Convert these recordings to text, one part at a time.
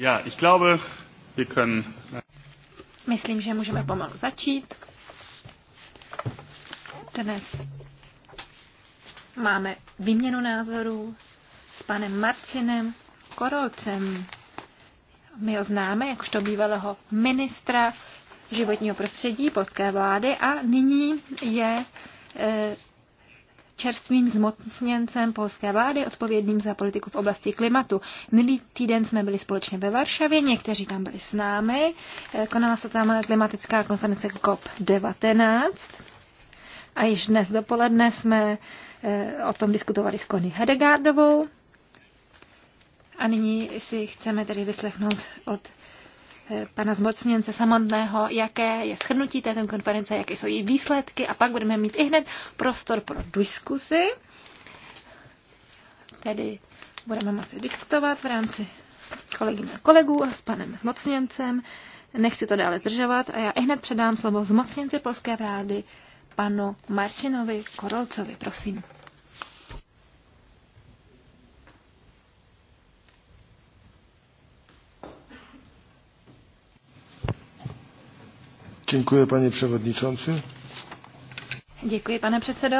Ja, ich glaube, wir können... Äh, Myslím, že můžeme pomalu začít. Dnes máme výměnu názorů s panem Marcinem Korolcem. My ho známe jakožto bývalého ministra životního prostředí polské vlády a nyní je eh, čerstvým zmocněncem polské vlády, odpovědným za politiku v oblasti klimatu. Minulý týden jsme byli společně ve Varšavě, někteří tam byli s námi. Eh, konala se tam klimatická konference COP19. A již dnes dopoledne jsme eh, o tom diskutovali s Connie Hedegardovou. A nyní si chceme tedy vyslechnout od pana zmocněnce samotného, jaké je shrnutí této konference, jaké jsou její výsledky a pak budeme mít i hned prostor pro diskusy. Tedy budeme moci diskutovat v rámci kolegyně a kolegů a s panem zmocněncem. Nechci to dále držovat a já i hned předám slovo zmocněnci polské vlády panu Marčinovi Korolcovi. Prosím. Děkuji, pane předsedající. Děkuji, pane předsedo.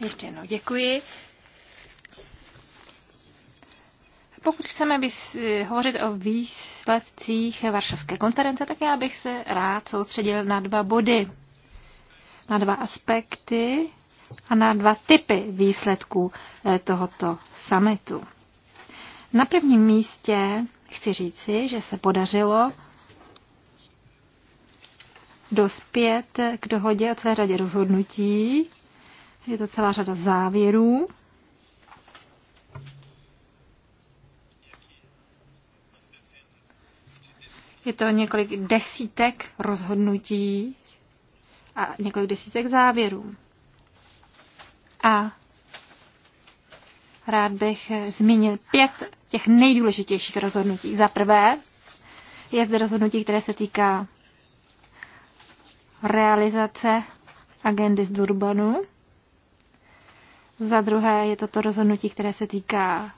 Ještě jednou děkuji. Pokud chceme hovořit o výsledcích Varšavské konference, tak já bych se rád soustředil na dva body, na dva aspekty, a na dva typy výsledků eh, tohoto summitu. Na prvním místě chci říci, že se podařilo dospět k dohodě o celé řadě rozhodnutí. Je to celá řada závěrů. Je to několik desítek rozhodnutí a několik desítek závěrů. A rád bych zmínil pět těch nejdůležitějších rozhodnutí. Za prvé je zde rozhodnutí, které se týká realizace agendy z Durbanu. Za druhé je toto rozhodnutí, které se týká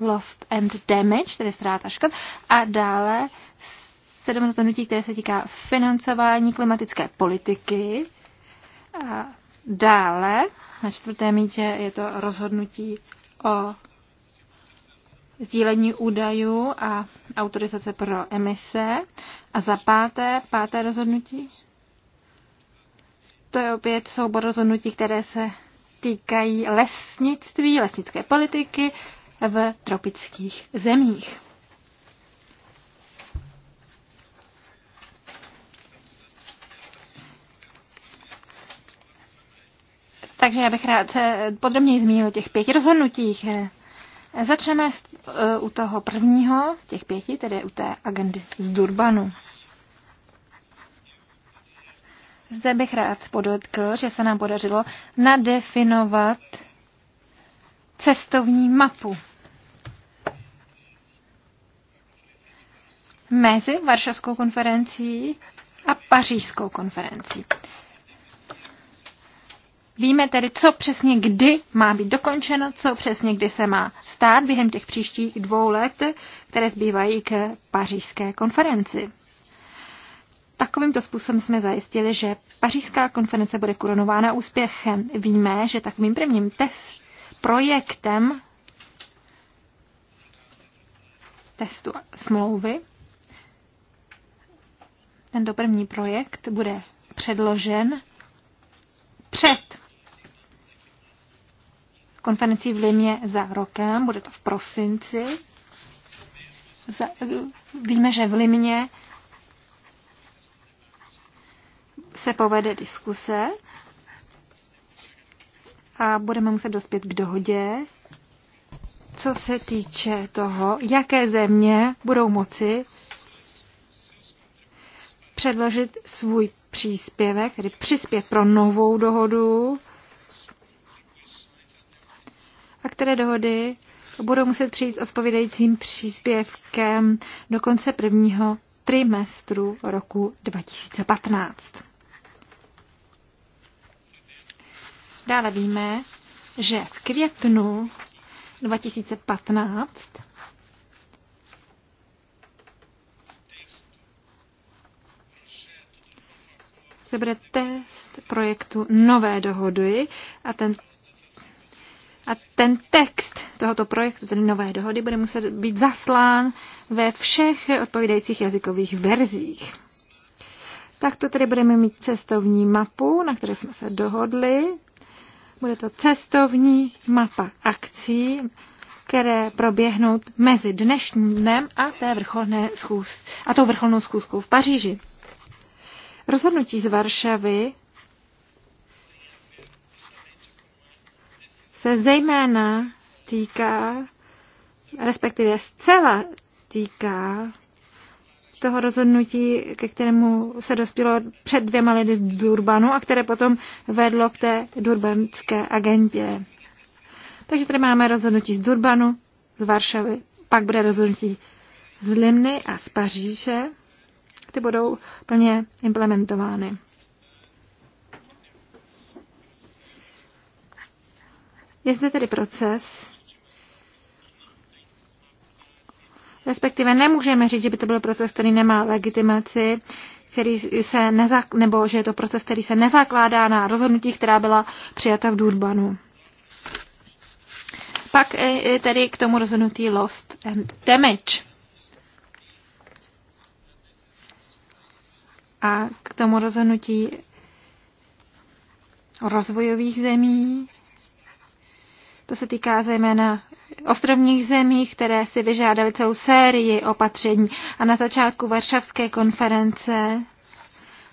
lost and damage, tedy ztrát a škod. A dále sedm rozhodnutí, které se týká financování klimatické politiky dále, na čtvrté mítě je to rozhodnutí o sdílení údajů a autorizace pro emise. A za páté, páté rozhodnutí, to je opět soubor rozhodnutí, které se týkají lesnictví, lesnické politiky v tropických zemích. Takže já bych rád se eh, podrobněji zmínil těch pěti rozhodnutích. Eh, začneme s, eh, u toho prvního z těch pěti, tedy u té agendy z Durbanu. Zde bych rád podotkl, že se nám podařilo nadefinovat cestovní mapu mezi Varšavskou konferencí a Pařížskou konferencí. Víme tedy, co přesně kdy má být dokončeno, co přesně kdy se má stát během těch příštích dvou let, které zbývají k pařížské konferenci. Takovýmto způsobem jsme zajistili, že pařížská konference bude koronována úspěchem. Víme, že takovým prvním test projektem testu smlouvy tento první projekt bude předložen před konferencí v Limě za rokem, bude to v prosinci. Za, víme, že v Limě se povede diskuse a budeme muset dospět k dohodě, co se týče toho, jaké země budou moci předložit svůj příspěvek, tedy přispět pro novou dohodu Některé dohody budou muset přijít s odpovědajícím příspěvkem do konce prvního trimestru roku 2015. Dále víme, že v květnu 2015 se bude test projektu nové dohody a ten a ten text tohoto projektu, tedy nové dohody, bude muset být zaslán ve všech odpovídajících jazykových verzích. Tak to tedy budeme mít cestovní mapu, na které jsme se dohodli. Bude to cestovní mapa akcí, které proběhnou mezi dnešním dnem a, té vrcholné schůz, a tou vrcholnou schůzkou v Paříži. Rozhodnutí z Varšavy se zejména týká, respektive zcela týká toho rozhodnutí, ke kterému se dospělo před dvěma lety v Durbanu a které potom vedlo k té durbanské agentě. Takže tady máme rozhodnutí z Durbanu, z Varšavy, pak bude rozhodnutí z Limny a z Paříže. Ty budou plně implementovány. Je zde tedy proces, respektive nemůžeme říct, že by to byl proces, který nemá legitimaci, který se nezak- nebo že je to proces, který se nezakládá na rozhodnutí, která byla přijata v Durbanu. Pak eh, eh, tedy k tomu rozhodnutí lost and damage. A k tomu rozhodnutí rozvojových zemí to se týká zejména ostrovních zemí, které si vyžádaly celou sérii opatření. A na začátku Varšavské konference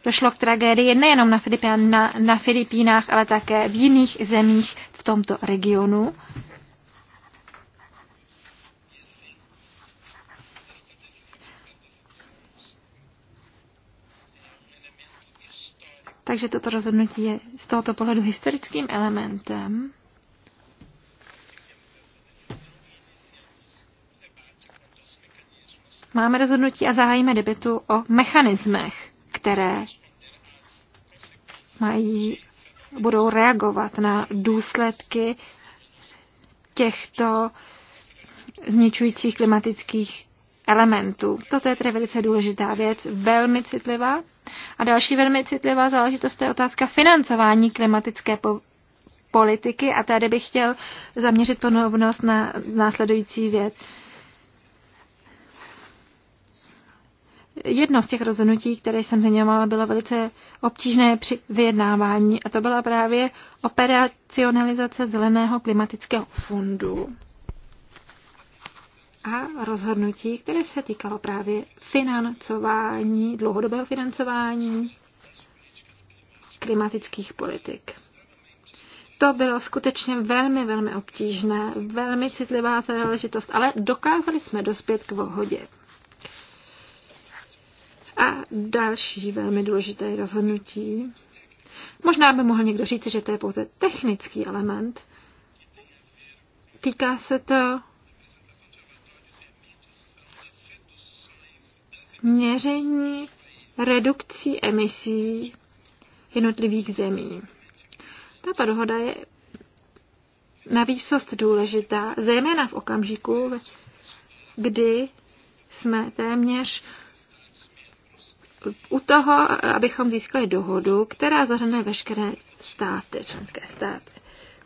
došlo k tragédii nejenom na, Filipi- na, na Filipínách, ale také v jiných zemích v tomto regionu. Takže toto rozhodnutí je z tohoto pohledu historickým elementem. máme rozhodnutí a zahájíme debitu o mechanismech, které mají, budou reagovat na důsledky těchto zničujících klimatických elementů. Toto je tedy velice důležitá věc, velmi citlivá. A další velmi citlivá záležitost je otázka financování klimatické po- politiky a tady bych chtěl zaměřit ponovnost na následující věc. Jedno z těch rozhodnutí, které jsem zmiňovala, bylo velice obtížné při vyjednávání a to byla právě operacionalizace Zeleného klimatického fondu a rozhodnutí, které se týkalo právě financování, dlouhodobého financování klimatických politik. To bylo skutečně velmi, velmi obtížné, velmi citlivá záležitost, ale dokázali jsme dospět k vohodě. A další velmi důležité rozhodnutí. Možná by mohl někdo říct, že to je pouze technický element. Týká se to měření redukcí emisí jednotlivých zemí. Tato dohoda je na výsost důležitá, zejména v okamžiku, kdy jsme téměř u toho, abychom získali dohodu, která zahrne veškeré státy, členské státy,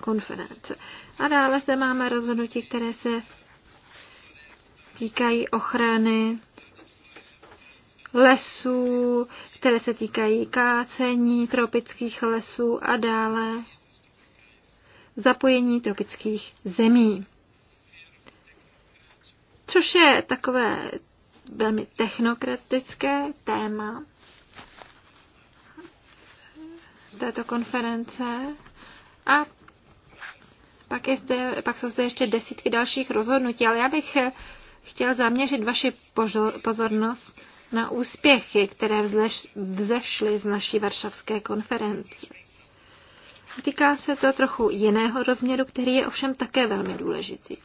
konference. A dále zde máme rozhodnutí, které se týkají ochrany lesů, které se týkají kácení tropických lesů a dále zapojení tropických zemí. Což je takové velmi technokratické téma této konference a pak, je zde, pak jsou zde ještě desítky dalších rozhodnutí, ale já bych chtěl zaměřit vaši pozornost na úspěchy, které vzešly z naší varšavské konference. Týká se to trochu jiného rozměru, který je ovšem také velmi důležitý.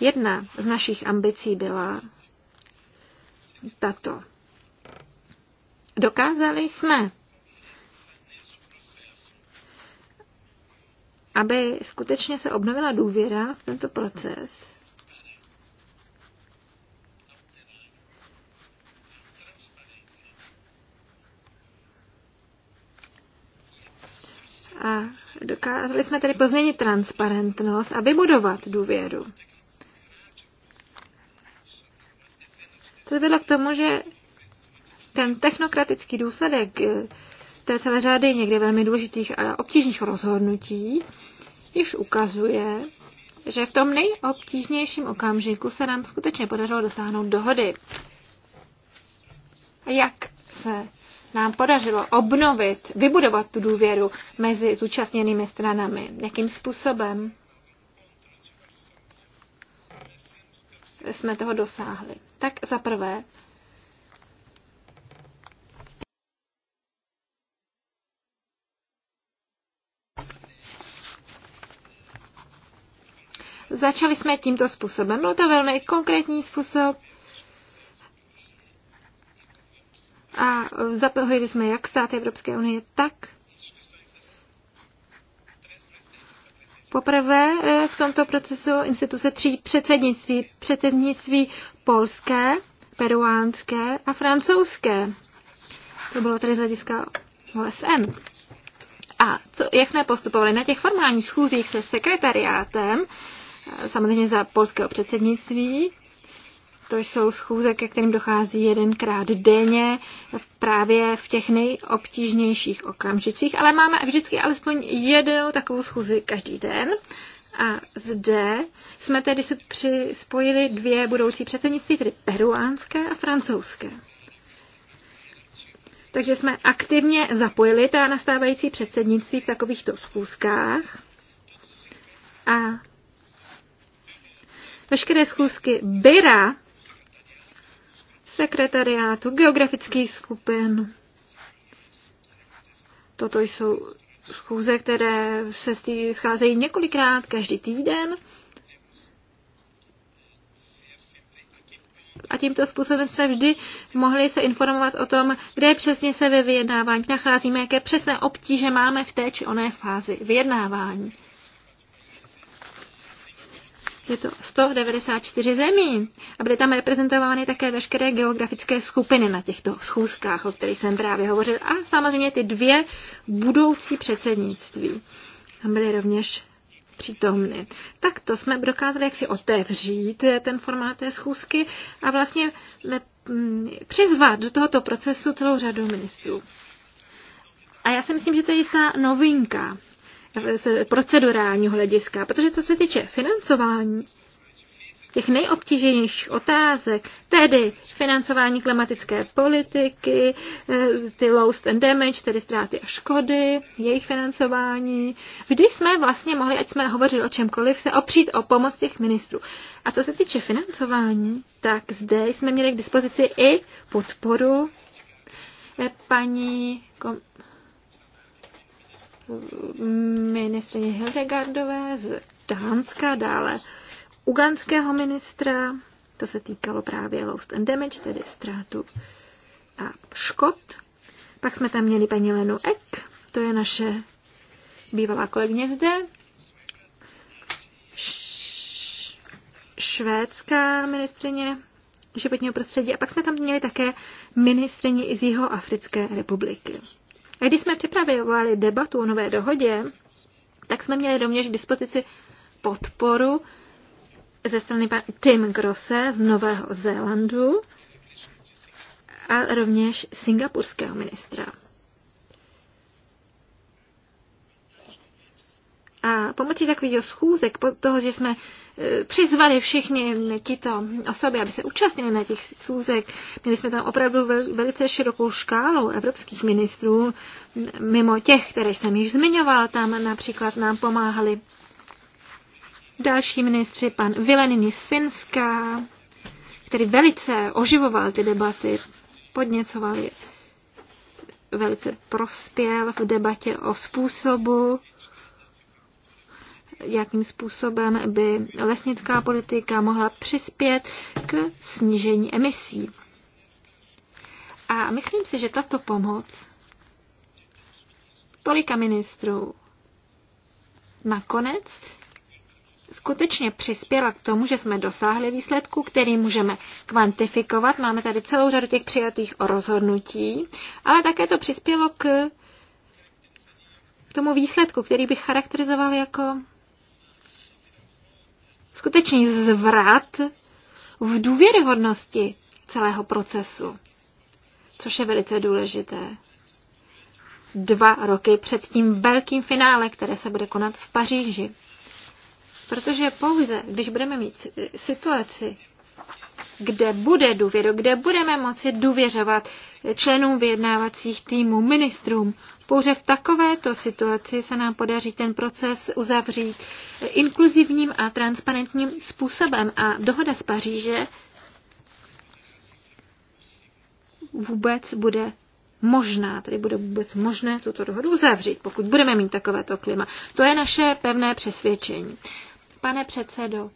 Jedna z našich ambicí byla tato. Dokázali jsme, aby skutečně se obnovila důvěra v tento proces, A dokázali jsme tedy pozměnit transparentnost a vybudovat důvěru. To vedlo k tomu, že ten technokratický důsledek eh, té celé řady někdy velmi důležitých a obtížných rozhodnutí již ukazuje, že v tom nejobtížnějším okamžiku se nám skutečně podařilo dosáhnout dohody. A jak se nám podařilo obnovit, vybudovat tu důvěru mezi zúčastněnými stranami? Jakým způsobem? jsme toho dosáhli. Tak za prvé, Začali jsme tímto způsobem. Byl to velmi konkrétní způsob. A zapojili jsme jak státy Evropské unie, tak Poprvé e, v tomto procesu instituce tří předsednictví. Předsednictví polské, peruánské a francouzské. To bylo tedy z hlediska OSN. A co, jak jsme postupovali na těch formálních schůzích se sekretariátem, e, samozřejmě za polského předsednictví, to jsou schůze, ke kterým dochází jedenkrát denně, právě v těch nejobtížnějších okamžicích, ale máme vždycky alespoň jednu takovou schůzi každý den. A zde jsme tedy si přispojili dvě budoucí předsednictví, tedy peruánské a francouzské. Takže jsme aktivně zapojili ta nastávající předsednictví v takovýchto schůzkách. A veškeré schůzky Byra sekretariátu, geografických skupin. Toto jsou schůze, které se scházejí několikrát každý týden. a tímto způsobem jste vždy mohli se informovat o tom, kde přesně se ve vyjednávání nacházíme, jaké přesné obtíže máme v té či oné fázi vyjednávání. Je to 194 zemí a byly tam reprezentovány také veškeré geografické skupiny na těchto schůzkách, o kterých jsem právě hovořil. A samozřejmě ty dvě budoucí předsednictví tam byly rovněž přítomny. Tak to jsme dokázali jaksi otevřít eh, ten formát té schůzky a vlastně mm, přizvat do tohoto procesu celou řadu ministrů. A já si myslím, že to je jistá novinka z procedurálního hlediska, protože co se týče financování, těch nejobtíženějších otázek, tedy financování klimatické politiky, eh, ty lost and damage, tedy ztráty a škody, jejich financování. Vždy jsme vlastně mohli, ať jsme hovořili o čemkoliv, se opřít o pomoc těch ministrů. A co se týče financování, tak zde jsme měli k dispozici i podporu eh, paní kom- ministrině Hildegardové z Dánska, dále uganského ministra, to se týkalo právě Lost and Damage, tedy ztrátu a škod. Pak jsme tam měli paní Lenu Ek, to je naše bývalá kolegyně zde, švédská ministrině životního prostředí a pak jsme tam měli také ministrině z Jihoafrické republiky. A když jsme připravovali debatu o nové dohodě, tak jsme měli rovněž k dispozici podporu ze strany pan Tim Grosse z Nového Zélandu a rovněž singapurského ministra. A pomocí takového schůzek, po toho, že jsme přizvali všichni tyto osoby, aby se účastnili na těch schůzek. Měli jsme tam opravdu velice širokou škálu evropských ministrů, mimo těch, které jsem již zmiňoval, tam například nám pomáhali další ministři, pan Vilenini z Finska, který velice oživoval ty debaty, podněcoval je velice prospěl v debatě o způsobu, jakým způsobem by lesnická politika mohla přispět k snížení emisí. A myslím si, že tato pomoc tolika ministrů nakonec skutečně přispěla k tomu, že jsme dosáhli výsledku, který můžeme kvantifikovat. Máme tady celou řadu těch přijatých rozhodnutí, ale také to přispělo k tomu výsledku, který bych charakterizoval jako skutečný zvrat v důvěryhodnosti celého procesu, což je velice důležité. Dva roky před tím velkým finále, které se bude konat v Paříži. Protože pouze, když budeme mít situaci, kde bude důvěru, kde budeme moci důvěřovat členům vyjednávacích týmů, ministrům. Pouze v takovéto situaci se nám podaří ten proces uzavřít inkluzivním a transparentním způsobem. A dohoda z Paříže vůbec bude možná, tedy bude vůbec možné tuto dohodu uzavřít, pokud budeme mít takovéto klima. To je naše pevné přesvědčení. Pane předsedo,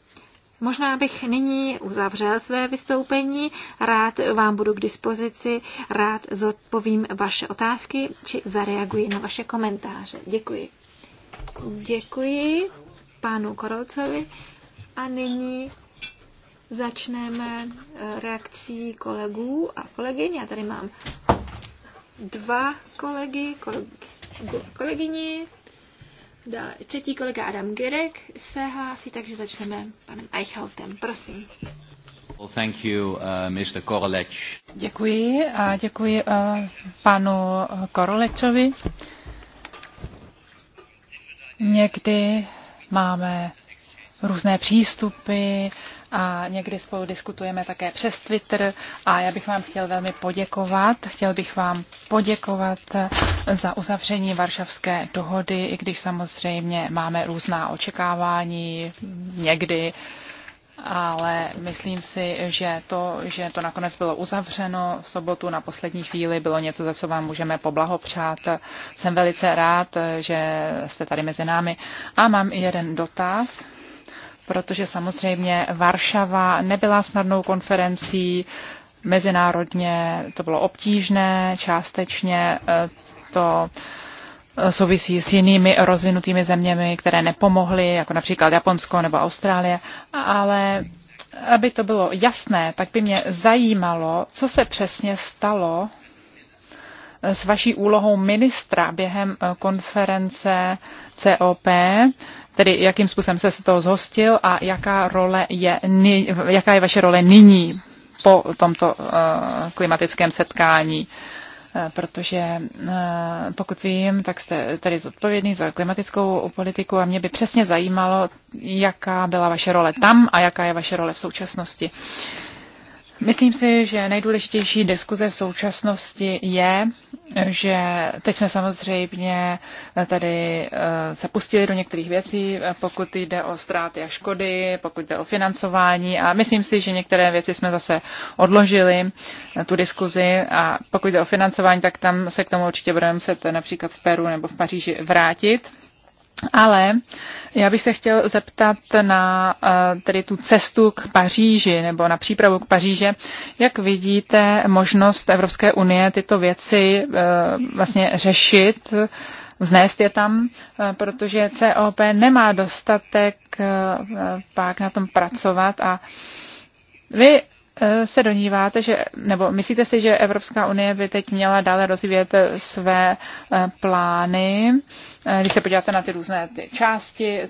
Možná bych nyní uzavřel své vystoupení, rád vám budu k dispozici, rád zodpovím vaše otázky či zareaguji na vaše komentáře. Děkuji. Děkuji panu Korolcovi a nyní začneme eh, reakcí kolegů a kolegyň. Já tady mám dva kolegy, kolegy kolegyni. Dále, třetí kolega Adam Girek se hlásí, takže začneme panem Eichhautem. Prosím. Well, thank you, uh, Mr. Korolec. Děkuji a děkuji uh, panu Korolečovi. Někdy máme různé přístupy, a někdy spolu diskutujeme také přes Twitter a já bych vám chtěl velmi poděkovat. Chtěl bych vám poděkovat eh, za uzavření Varšavské dohody, i když samozřejmě máme různá očekávání někdy, ale myslím si, že to, že to nakonec bylo uzavřeno v sobotu na poslední chvíli, bylo něco, za co vám můžeme poblahopřát. Jsem velice rád, že jste tady mezi námi. A mám jeden dotaz protože samozřejmě Varšava nebyla snadnou konferencí, mezinárodně to bylo obtížné, částečně eh, to eh, souvisí s jinými rozvinutými zeměmi, které nepomohly, jako například Japonsko nebo Austrálie, ale aby to bylo jasné, tak by mě zajímalo, co se přesně stalo eh, s vaší úlohou ministra během konference COP, tedy jakým způsobem jste se toho zhostil a jaká, role je, jaká je vaše role nyní po tomto eh, klimatickém setkání eh, protože eh, pokud vím, tak jste tady zodpovědný za klimatickou politiku a mě by přesně zajímalo, jaká byla vaše role tam a jaká je vaše role v současnosti. Myslím si, že nejdůležitější diskuze v současnosti je, že teď jsme samozřejmě tady eh, se pustili do některých věcí, eh, pokud jde o ztráty a škody, pokud jde o financování a myslím si, že některé věci jsme zase odložili, eh, tu diskuzi a pokud jde o financování, tak tam se k tomu určitě budeme muset například v Peru nebo v Paříži vrátit ale já bych se chtěl zeptat na eh, tedy tu cestu k Paříži nebo na přípravu k Paříže. Jak vidíte možnost Evropské unie tyto věci eh, vlastně řešit, vznést je tam, eh, protože COP nemá dostatek pak na tom pracovat a vy Eh, se doníváte, že, nebo myslíte si, že Evropská unie by teď měla dále rozvíjet eh, své eh, plány, když se podíváte na ty různé ty části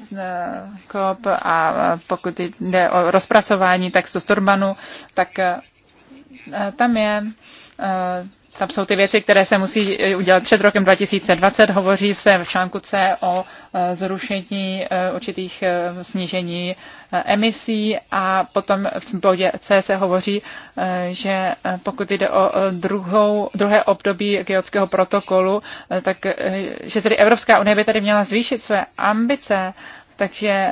COP a pokud jde o rozpracování textu z Turbanu, tak tam je tam jsou ty věci, které se musí eh, udělat před rokem 2020. Hovoří se v článku C o eh, zrušení eh, určitých snížení emisí a potom v bodě C se hovoří, že pokud jde o druhou, druhé období Kyotského protokolu, tak že tedy Evropská unie by tady měla zvýšit své ambice, takže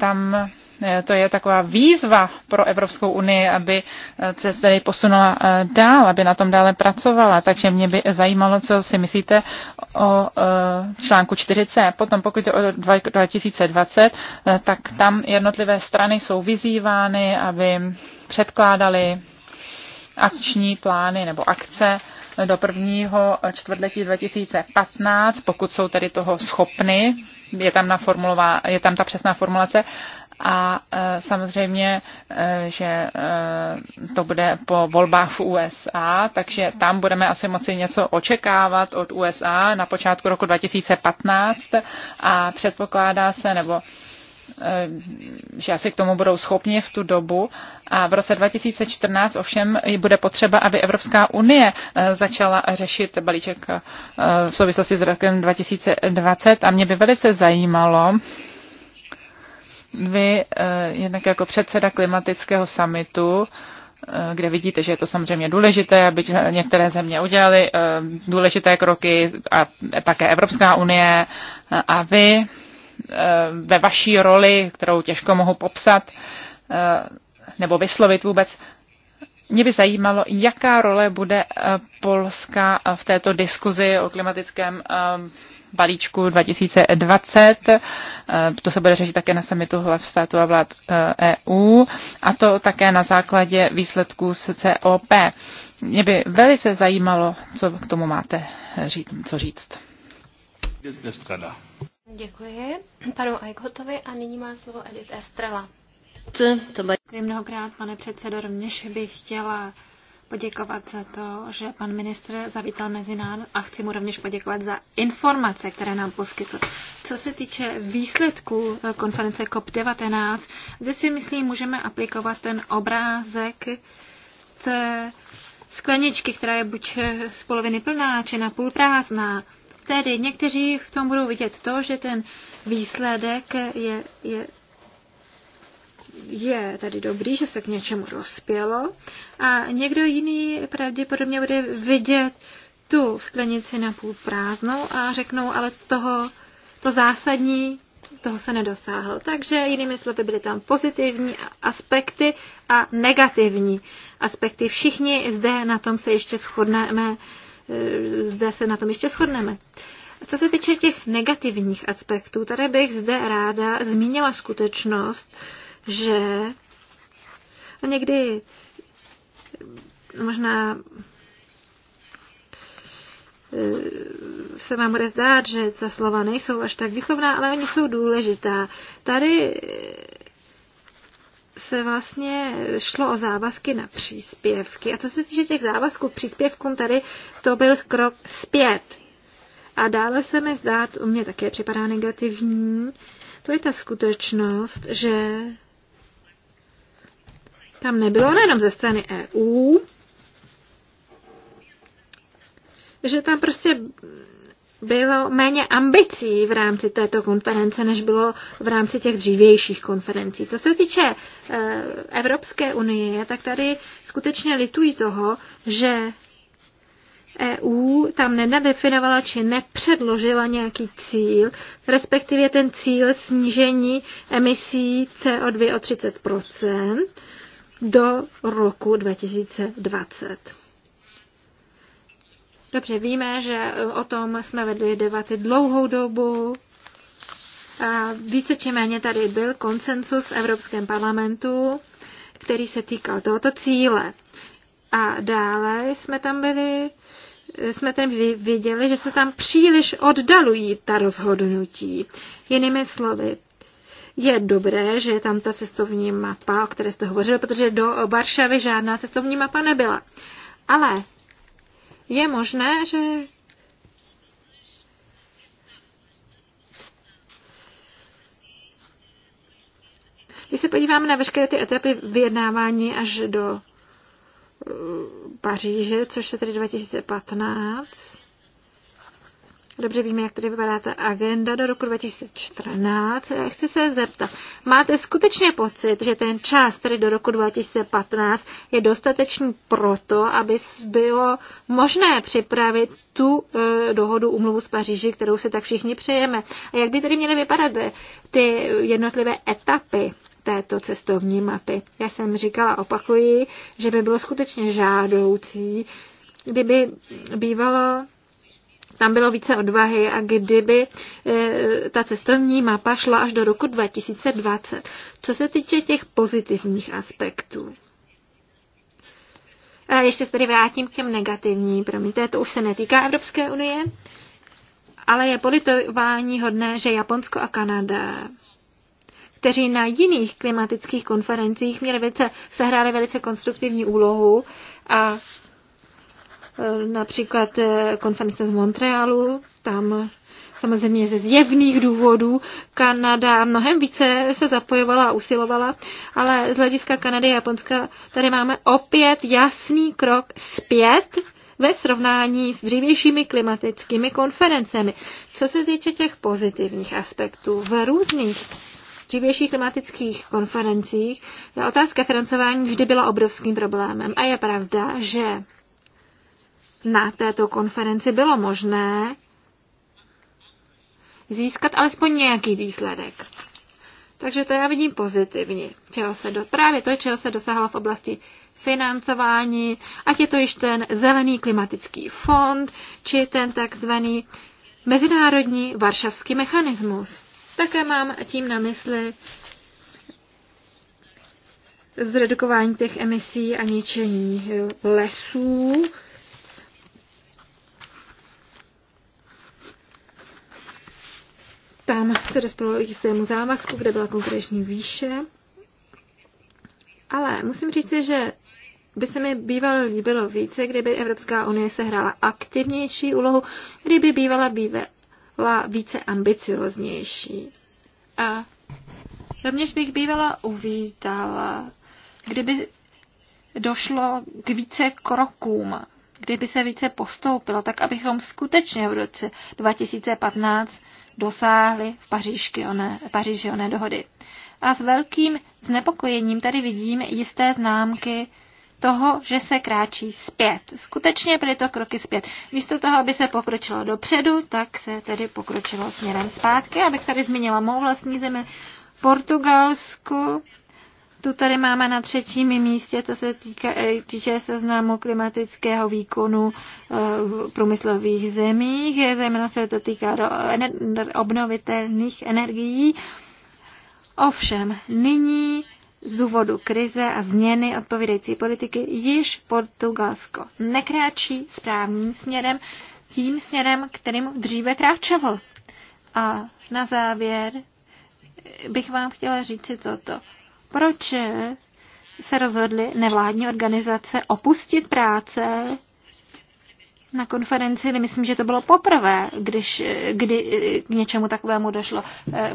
tam Eh, to je taková výzva pro Evropskou unii, aby eh, se tady posunula eh, dál, aby na tom dále pracovala. Takže mě by zajímalo, co si myslíte o článku 4C. Potom pokud je o 2020, tak tam jednotlivé strany jsou vyzývány, aby předkládali akční plány nebo akce do prvního čtvrtletí 2015, pokud jsou tedy toho schopny, je tam, na formulová, je tam ta přesná formulace a e, samozřejmě, e, že e, to bude po volbách v USA, takže tam budeme asi moci něco očekávat od USA na počátku roku 2015 a předpokládá se, nebo že asi k tomu budou schopni v tu dobu. A v roce 2014 ovšem bude potřeba, aby Evropská unie začala řešit balíček v souvislosti s rokem 2020 a mě by velice zajímalo, vy, eh, jednak jako předseda klimatického samitu, eh, kde vidíte, že je to samozřejmě důležité, aby některé země udělaly eh, důležité kroky a také Evropská unie a vy ve vaší roli, kterou těžko mohu popsat nebo vyslovit vůbec, mě by zajímalo, jaká role bude Polska v této diskuzi o klimatickém balíčku 2020. Eh, to se bude řešit také na samitu hlav státu a vlád EU eh, e a to také na základě výsledků z COP. Mě by velice zajímalo, co k tomu máte říct, co říct. Děkuji panu Eichhotovi a nyní má slovo Edith Estrela. Děkuji mnohokrát, pane předsedo. Rovněž bych chtěla poděkovat za to, že pan ministr zavítal mezi nás a chci mu rovněž poděkovat za informace, které nám poskytl. Co se týče výsledků eh, konference COP19, zde si myslím, můžeme aplikovat ten obrázek té skleničky, která je buď z poloviny plná, či na půl prázdná. Tedy někteří v tom budou vidět to, že ten výsledek je, je je tady dobrý, že se k něčemu rozpělo a někdo jiný pravděpodobně bude vidět tu sklenici na půl prázdnou a řeknou, ale toho, to zásadní, toho se nedosáhlo. Takže jinými slovy byly tam pozitivní aspekty a negativní aspekty. Všichni zde na tom se ještě shodneme, eh, zde se na tom ještě shodneme. Co se týče těch negativních aspektů, tady bych zde ráda zmínila skutečnost, že někdy možná e, se vám bude zdát, že ta slova nejsou až tak výslovná, ale oni jsou důležitá. Tady se vlastně šlo o závazky na příspěvky. A co se týče těch závazků k příspěvkům, tady to byl krok zpět. A dále se mi zdát, u mě také připadá negativní, to je ta skutečnost, že tam nebylo nejenom ze strany EU, že tam prostě bylo méně ambicí v rámci této konference, než bylo v rámci těch dřívějších konferencí. Co se týče e, Evropské unie, tak tady skutečně litují toho, že EU tam nenadefinovala či nepředložila nějaký cíl, respektive ten cíl snížení emisí CO2 o 30 do roku 2020. Dobře, víme, že o tom jsme vedli debaty dlouhou dobu. A více či méně tady byl konsensus v Evropském parlamentu, který se týkal tohoto cíle. A dále jsme tam byli, jsme tam viděli, že se tam příliš oddalují ta rozhodnutí. Jinými slovy, je dobré, že je tam ta cestovní mapa, o které jste hovořili, protože do Varšavy žádná cestovní mapa nebyla. Ale je možné, že Když se podíváme na veškeré ty etapy vyjednávání až do uh, Paříže, což se tedy 2015, Dobře víme, jak tady vypadá ta agenda do roku 2014. Já chci se zeptat, máte skutečně pocit, že ten čas, tady do roku 2015, je dostatečný proto, aby bylo možné připravit tu e, dohodu umluvu z Paříži, kterou se tak všichni přejeme? A jak by tady měly vypadat e, ty jednotlivé etapy této cestovní mapy. Já jsem říkala, opakuji, že by bylo skutečně žádoucí, kdyby bývalo tam bylo více odvahy a kdyby eh, ta cestovní mapa šla až do roku 2020. Co se týče těch pozitivních aspektů. A ještě se tady vrátím k těm negativním, promiňte, to už se netýká Evropské unie, ale je politování hodné, že Japonsko a Kanada kteří na jiných klimatických konferencích měli velice, sehráli velice konstruktivní úlohu a Eh, například eh, konference z Montrealu, tam samozřejmě ze zjevných důvodů Kanada mnohem více se zapojovala a usilovala, ale z hlediska Kanady a Japonska tady máme opět jasný krok zpět ve srovnání s dřívějšími klimatickými konferencemi. Co se týče těch pozitivních aspektů, v různých dřívějších klimatických konferencích eh, otázka financování vždy byla obrovským problémem. A je pravda, že na této konferenci bylo možné získat alespoň nějaký výsledek. Takže to já vidím pozitivně, čeho se do, právě to, čeho se dosáhlo v oblasti financování, ať je to již ten zelený klimatický fond, či ten takzvaný mezinárodní varšavský mechanismus. Také mám tím na mysli zredukování těch emisí a ničení lesů, Tam se dostalo i k svému závazku, kde byla konkrétní výše. Ale musím říct, že by se mi bývalo líbilo více, kdyby Evropská unie se hrála aktivnější úlohu, kdyby bývala bývala více ambicioznější. A rovněž bych bývala uvítala, kdyby došlo k více krokům, kdyby se více postoupilo, tak abychom skutečně v roce 2015 dosáhli v Pařížky oné, Paříži oné dohody. A s velkým znepokojením tady vidím jisté známky toho, že se kráčí zpět. Skutečně byly to kroky zpět. Místo toho, aby se pokročilo dopředu, tak se tedy pokročilo směrem zpátky. Abych tady zmínila mou vlastní zemi, Portugalsku, tu tady máme na třetím místě, co se týká, eh, týče seznamu klimatického výkonu v eh, průmyslových zemích, zejména se to týká obnovitelných energií. Ovšem, nyní z důvodu krize a změny odpovídající politiky již Portugalsko nekráčí správným směrem, tím směrem, kterým dříve kráčelo. A na závěr bych vám chtěla si toto. Proč se rozhodly nevládní organizace opustit práce na konferenci, myslím, že to bylo poprvé, když, kdy k něčemu takovému došlo.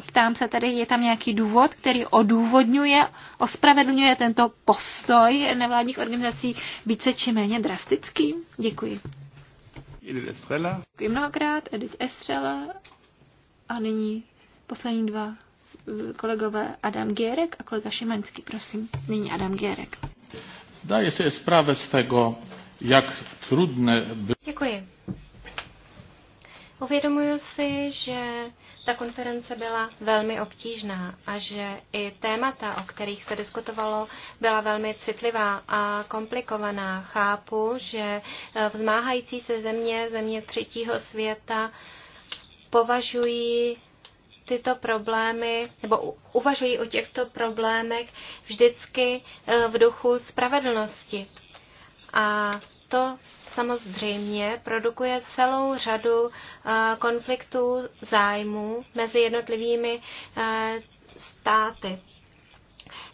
Ptám se tady, je tam nějaký důvod, který odůvodňuje, ospravedlňuje tento postoj nevládních organizací více či méně drastický? Děkuji. Edith Estrella. Děkuji mnohokrát, Edith Estrela. A nyní poslední dva kolegové Adam Gierek a kolega Šimanský, prosím. Nyní Adam Gierek. Zdaje se zprávě z tego, jak bylo. Děkuji. Uvědomuji si, že ta konference byla velmi obtížná a že i témata, o kterých se diskutovalo, byla velmi citlivá a komplikovaná. Chápu, že e, vzmáhající se země, země třetího světa, považují tyto problémy, nebo uvažují o těchto problémech vždycky e, v duchu spravedlnosti. A to samozřejmě produkuje celou řadu e, konfliktů zájmů mezi jednotlivými e, státy.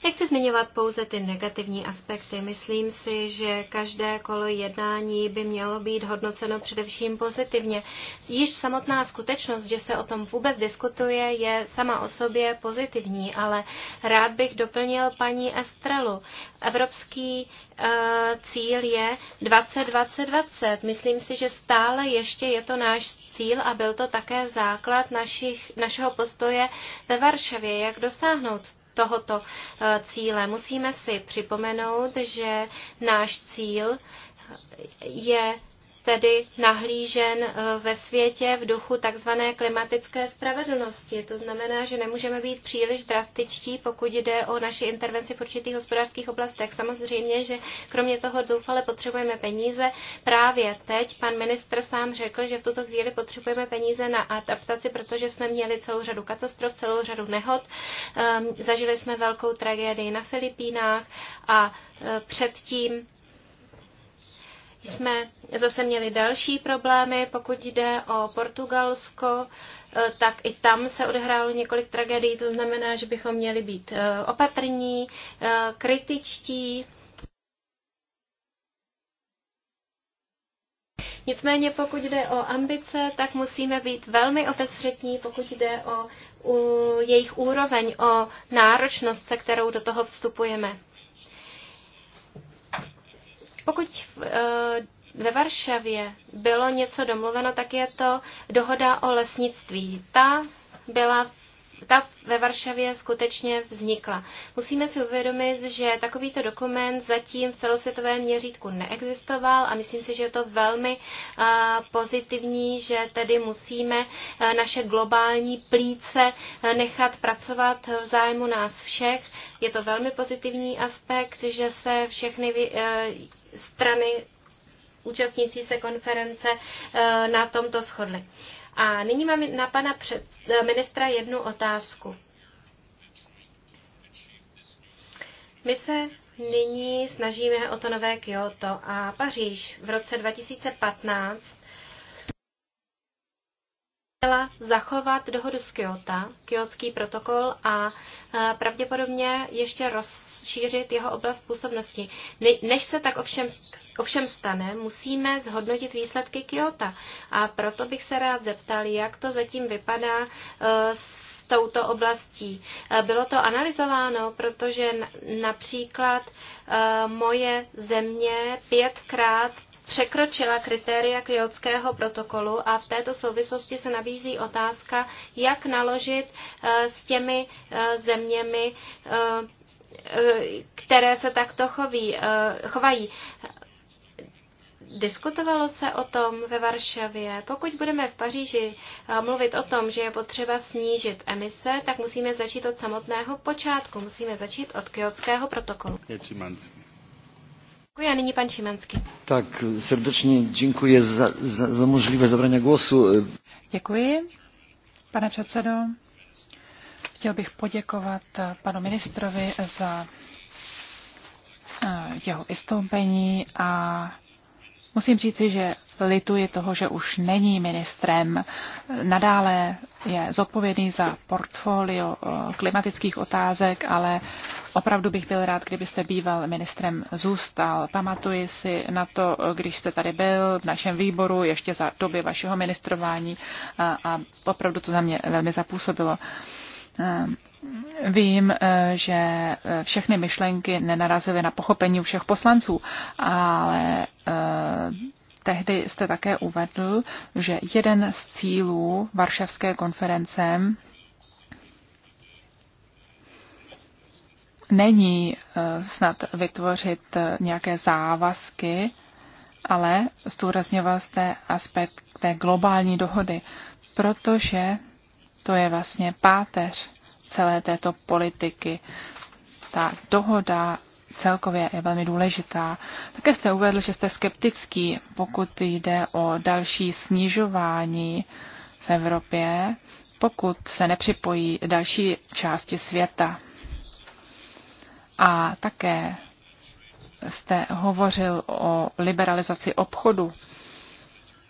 Nechci zmiňovat pouze ty negativní aspekty. Myslím si, že každé kolo jednání by mělo být hodnoceno především pozitivně. Již samotná skutečnost, že se o tom vůbec diskutuje, je sama o sobě pozitivní, ale rád bych doplnil paní Estrelu. Evropský eh, cíl je 2020. Myslím si, že stále ještě je to náš cíl a byl to také základ našich, našeho postoje ve Varšavě, jak dosáhnout tohoto eh, cíle. Musíme si připomenout, že náš cíl je tedy nahlížen eh, ve světě v duchu takzvané klimatické spravedlnosti. To znamená, že nemůžeme být příliš drastičtí, pokud jde o naši intervenci v určitých hospodářských oblastech. Samozřejmě, že kromě toho zoufale potřebujeme peníze. Právě teď pan ministr sám řekl, že v tuto chvíli potřebujeme peníze na adaptaci, protože jsme měli celou řadu katastrof, celou řadu nehod. Ehm, zažili jsme velkou tragédii na Filipínách a eh, předtím jsme zase měli další problémy, pokud jde o Portugalsko, eh, tak i tam se odehrálo několik tragédií, to znamená, že bychom měli být eh, opatrní, eh, kritičtí. Nicméně pokud jde o ambice, tak musíme být velmi obezřetní, pokud jde o, o jejich úroveň, o náročnost, se kterou do toho vstupujeme. Pokud eh, ve Varšavě bylo něco domluveno, tak je to dohoda o lesnictví. Ta byla ta ve Varšavě skutečně vznikla. Musíme si uvědomit, že takovýto dokument zatím v celosvětovém měřítku neexistoval a myslím si, že je to velmi pozitivní, že tedy musíme naše globální plíce nechat pracovat v zájmu nás všech. Je to velmi pozitivní aspekt, že se všechny strany účastnící se konference na tomto shodli. A nyní mám na pana před, eh, ministra jednu otázku. My se nyní snažíme o to nové Kyoto a Paříž v roce 2015 chtěla zachovat dohodu z Kyoto, kyotský protokol a eh, pravděpodobně ještě rozšířit jeho oblast působnosti. Než se tak ovšem ovšem stane, musíme zhodnotit výsledky Kyoto. A proto bych se rád zeptal, jak to zatím vypadá eh, s touto oblastí. Eh, bylo to analyzováno, protože například eh, moje země pětkrát překročila kritéria Kyotského protokolu a v této souvislosti se nabízí otázka, jak naložit s těmi zeměmi, které se takto chovají. Diskutovalo se o tom ve Varšavě. Pokud budeme v Paříži eh, mluvit o tom, že je potřeba snížit emise, tak musíme začít od samotného počátku. Musíme začít od kyotského protokolu. Děkuji a nyní pan Čimanský. Tak srdečně děkuji za, za, za možlivé zabraně głosu. Děkuji, pane předsedo. Chtěl bych poděkovat eh, panu ministrovi za eh, jeho vystoupení a Musím říci, že lituji toho, že už není ministrem. Nadále je zodpovědný za portfolio eh, klimatických otázek, ale opravdu bych byl rád, kdybyste býval ministrem zůstal. Pamatuji si na to, eh, když jste tady byl v našem výboru ještě za doby vašeho ministrování a, a opravdu to za mě velmi zapůsobilo. Eh, vím, eh, že eh, všechny myšlenky nenarazily na pochopení u všech poslanců, ale tehdy jste také uvedl, že jeden z cílů Varšavské konference není snad vytvořit nějaké závazky, ale zdůrazňoval jste aspekt té globální dohody, protože to je vlastně páteř celé této politiky. Ta dohoda celkově je velmi důležitá. Také jste uvedl, že jste skeptický, pokud jde o další snižování v Evropě, pokud se nepřipojí další části světa. A také jste hovořil o liberalizaci obchodu.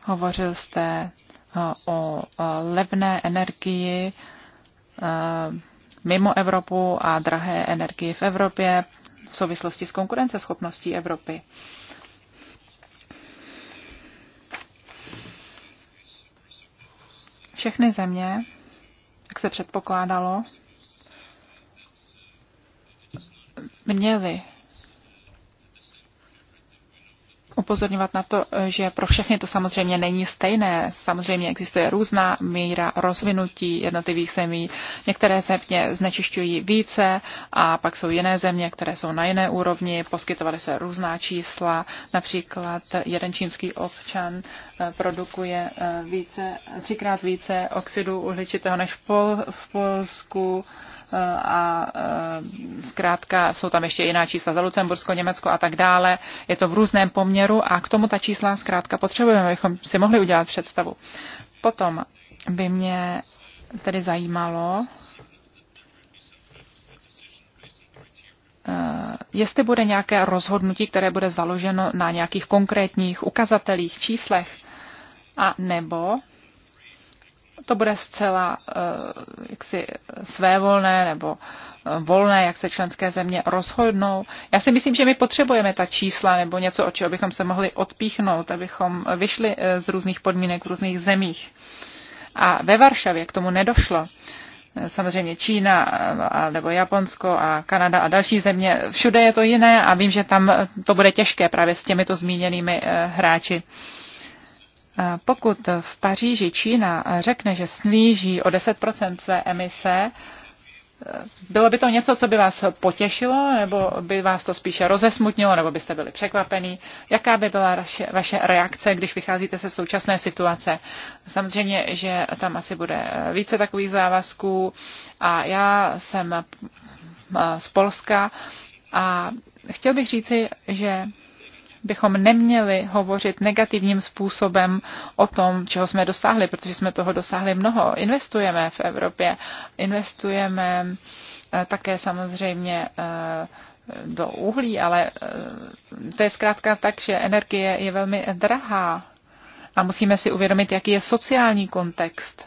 Hovořil jste o levné energii e, mimo Evropu a drahé energii v Evropě v souvislosti s konkurenceschopností Evropy. Všechny země, jak se předpokládalo, měly upozorňovat na to, že pro všechny to samozřejmě není stejné. Samozřejmě existuje různá míra rozvinutí jednotlivých zemí. Některé země znečišťují více a pak jsou jiné země, které jsou na jiné úrovni. Poskytovaly se různá čísla. Například jeden čínský občan eh, produkuje eh, více, třikrát více oxidu uhličitého než v, Pol, v Polsku eh, a zkrátka jsou tam ještě jiná čísla za Lucembursko, Německo a tak dále. Je to v různém poměru průměru a k tomu ta čísla zkrátka potřebujeme, abychom si mohli udělat představu. Potom by mě tedy zajímalo, eh, jestli bude nějaké rozhodnutí, které bude založeno na nějakých konkrétních ukazatelích, číslech, a nebo to bude zcela eh, jaksi svévolné nebo eh, volné, jak se členské země rozhodnou. Já si myslím, že my potřebujeme ta čísla nebo něco, od čeho bychom se mohli odpíchnout, abychom vyšli eh, z různých podmínek v různých zemích. A ve Varšavě k tomu nedošlo. Samozřejmě Čína nebo Japonsko a Kanada a další země, všude je to jiné a vím, že tam to bude těžké právě s těmito zmíněnými hráči. Eh, pokud v Paříži Čína eh, řekne, že sníží o 10% své emise, eh, bylo by to něco, co by vás potěšilo, nebo by vás to spíše rozesmutnilo, nebo byste byli překvapení? Jaká by byla vaše, vaše reakce, když vycházíte se současné situace? Samozřejmě, že tam asi bude více takových závazků a já jsem z Polska a chtěl bych říci, že bychom neměli hovořit negativním způsobem o tom, čeho jsme dosáhli, protože jsme toho dosáhli mnoho. Investujeme v Evropě, investujeme eh, také samozřejmě eh, do uhlí, ale eh, to je zkrátka tak, že energie je velmi drahá a musíme si uvědomit, jaký je sociální kontext.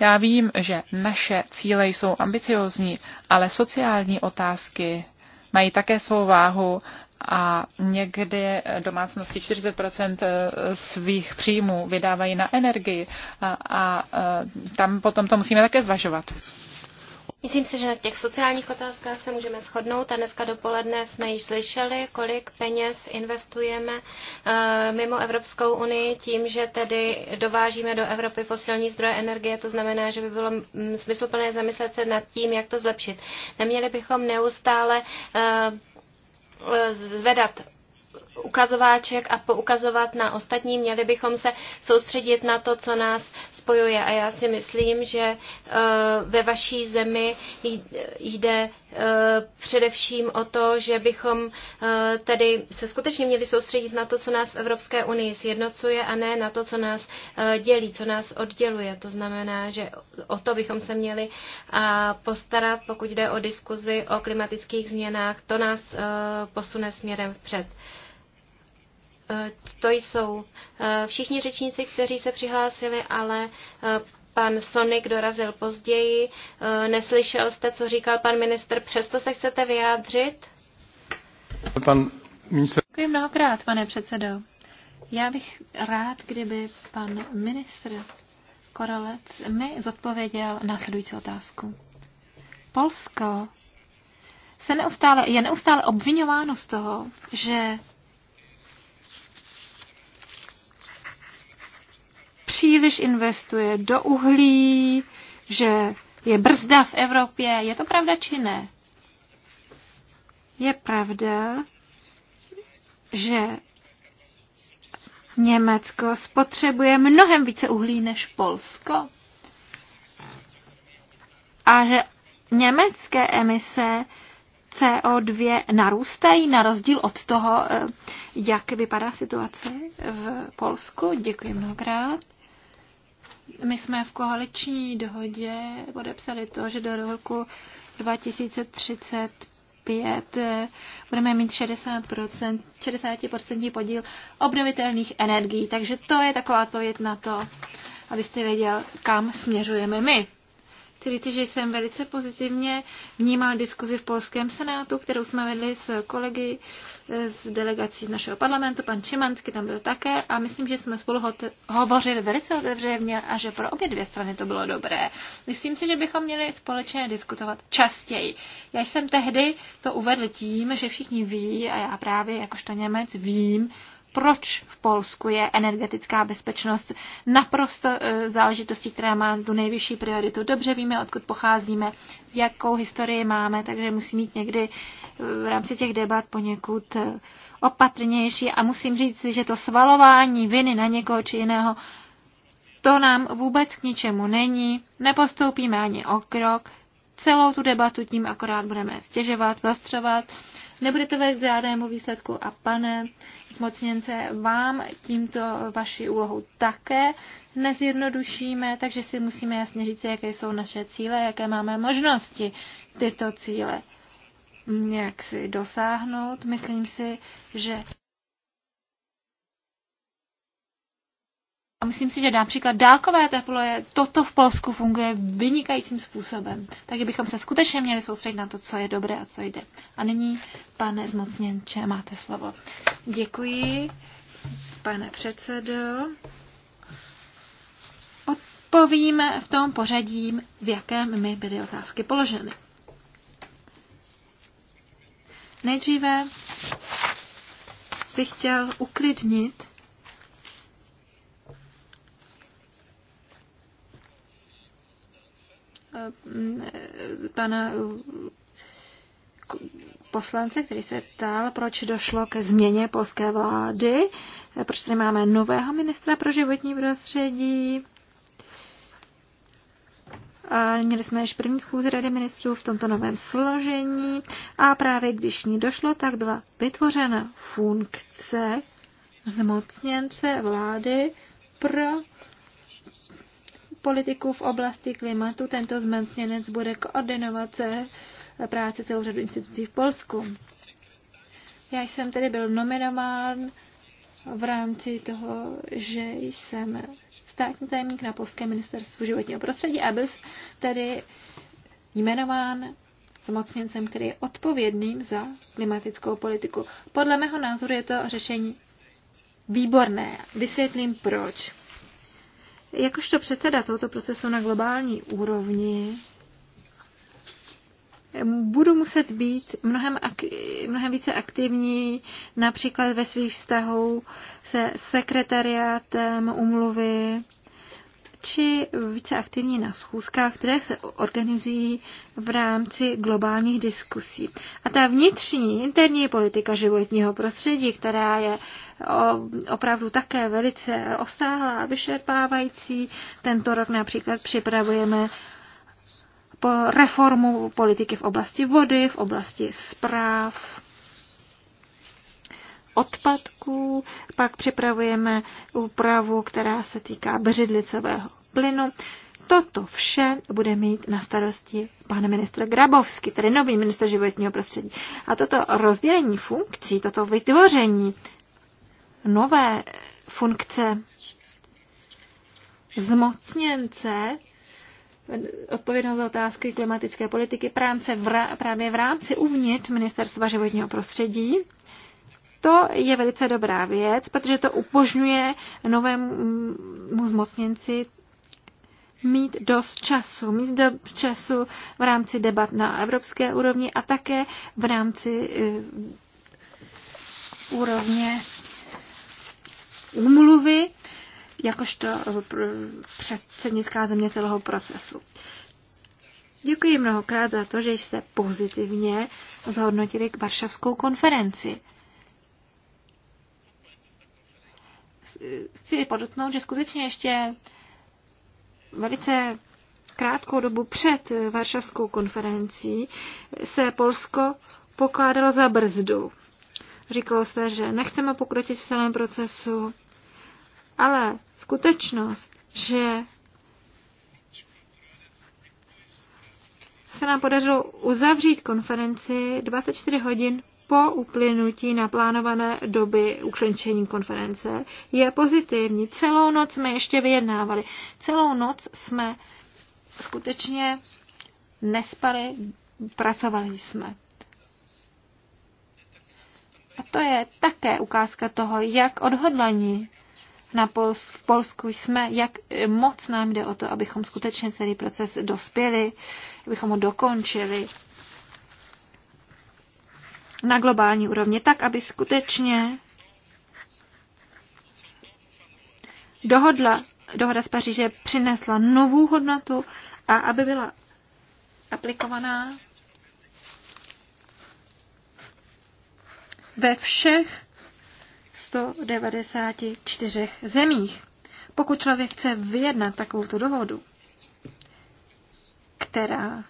Já vím, že naše cíle jsou ambiciozní, ale sociální otázky mají také svou váhu a někdy domácnosti 40 eh, svých příjmů vydávají na energii a, a eh, tam potom to musíme také zvažovat. Myslím si, že na těch sociálních otázkách se můžeme shodnout a dneska dopoledne jsme již slyšeli, kolik peněz investujeme eh, mimo Evropskou unii tím, že tedy dovážíme do Evropy fosilní zdroje energie. To znamená, že by bylo mm, smysluplné zamyslet se nad tím, jak to zlepšit. Neměli bychom neustále Eh, zvedat ukazováček a poukazovat na ostatní. Měli bychom se soustředit na to, co nás spojuje. A já si myslím, že eh, ve vaší zemi jde eh, především o to, že bychom eh, tedy se skutečně měli soustředit na to, co nás v Evropské unii sjednocuje a ne na to, co nás dělí, co nás odděluje. To znamená, že o to bychom se měli postarat, pokud jde o diskuzi o klimatických změnách. To nás posune směrem vpřed. Eh, to jsou eh, všichni řečníci, kteří se přihlásili, ale eh, pan Sonik dorazil později. Neslyšel jste, co říkal pan minister, přesto se chcete vyjádřit? Pan minister... Děkuji mnohokrát, pane předsedo. Já bych rád, kdyby pan ministr Korolec mi zodpověděl následující otázku. Polsko se neustále, je neustále obvinováno z toho, že příliš investuje do uhlí, že je brzda v Evropě. Je to pravda či ne? Je pravda, že Německo spotřebuje mnohem více uhlí než Polsko a že německé emise CO2 narůstají na rozdíl od toho, eh, jak vypadá situace v Polsku. Děkuji mnohokrát. My jsme v koaliční dohodě podepsali to, že do roku 2035 eh, budeme mít 60%, 60% podíl obnovitelných energií. Takže to je taková odpověď na to, abyste věděl, kam směřujeme my. Chci říct, že jsem velice pozitivně vnímal diskuzi v polském senátu, kterou jsme vedli s kolegy z eh, delegací z našeho parlamentu, pan Čimansky tam byl také a myslím, že jsme spolu hovořili velice otevřeně a že pro obě dvě strany to bylo dobré. Myslím si, že bychom měli společně diskutovat častěji. Já jsem tehdy to uvedl tím, že všichni ví a já právě jakožto Němec vím, proč v Polsku je energetická bezpečnost naprosto e, záležitostí, která má tu nejvyšší prioritu. Dobře víme, odkud pocházíme, jakou historii máme, takže musí mít někdy e, v rámci těch debat poněkud e, opatrnější a musím říct, že to svalování viny na někoho či jiného, to nám vůbec k ničemu není, nepostoupíme ani o krok, celou tu debatu tím akorát budeme stěžovat, zastřovat Nebude to vést k žádnému výsledku a pane zmocněnce, vám tímto vaši úlohou také nezjednodušíme, takže si musíme jasně říct, jaké jsou naše cíle, jaké máme možnosti tyto cíle jak si dosáhnout. Myslím si, že A myslím si, že například dálkové teplo je, toto v Polsku funguje vynikajícím způsobem. Takže bychom se skutečně měli soustředit na to, co je dobré a co jde. A nyní, pane zmocněnče, máte slovo. Děkuji, pane předsedo. odpovíme v tom pořadí, v jakém mi byly otázky položeny. Nejdříve bych chtěl uklidnit Eh, pana eh, poslance, který se ptal, proč došlo ke změně polské vlády, eh, proč tady máme nového ministra pro životní prostředí. A měli jsme již první schůzi Rady ministrů v tomto novém složení a právě když ní došlo, tak byla vytvořena funkce zmocněnce vlády pro politiků v oblasti klimatu. Tento zmocněnec bude koordinovat se práci celou řadu institucí v Polsku. Já jsem tedy byl nominován v rámci toho, že jsem státní tajemník na polské ministerstvu životního prostředí a byl tedy jmenován zmocněncem, který je odpovědným za klimatickou politiku. Podle mého názoru je to řešení výborné. Vysvětlím proč. Jakožto předseda tohoto procesu na globální úrovni budu muset být mnohem, mnohem více aktivní, například ve svých vztahů se sekretariátem umluvy či více aktivní na schůzkách, které se organizují v rámci globálních diskusí. A ta vnitřní, interní politika životního prostředí, která je opravdu také velice ostáhlá a vyšerpávající, tento rok například připravujeme po reformu politiky v oblasti vody, v oblasti zpráv, odpadků, pak připravujeme úpravu, která se týká břidlicového plynu. Toto vše bude mít na starosti pan ministr Grabovský, tedy nový ministr životního prostředí. A toto rozdělení funkcí, toto vytvoření nové funkce zmocněnce odpovědnost za otázky klimatické politiky právě v rámci uvnitř ministerstva životního prostředí to je velice dobrá věc, protože to upožňuje novému zmocněnci mít dost času, mít dost času v rámci debat na evropské úrovni a také v rámci eh, úrovně umluvy, jakožto eh, předsednická země celého procesu. Děkuji mnohokrát za to, že jste pozitivně zhodnotili k Varšavskou konferenci. chci podotknout, že skutečně ještě velice krátkou dobu před Varšavskou konferencí se Polsko pokládalo za brzdu. Říkalo se, že nechceme pokročit v celém procesu, ale skutečnost, že se nám podařilo uzavřít konferenci 24 hodin po uplynutí naplánované doby ukončení konference je pozitivní. Celou noc jsme ještě vyjednávali. Celou noc jsme skutečně nespali, pracovali jsme. A to je také ukázka toho, jak odhodlaní na Pols- v Polsku jsme, jak moc nám jde o to, abychom skutečně celý proces dospěli, abychom ho dokončili na globální úrovni, tak aby skutečně dohodla, dohoda z Paříže přinesla novou hodnotu a aby byla aplikovaná ve všech 194 zemích. Pokud člověk chce vyjednat tu dohodu, která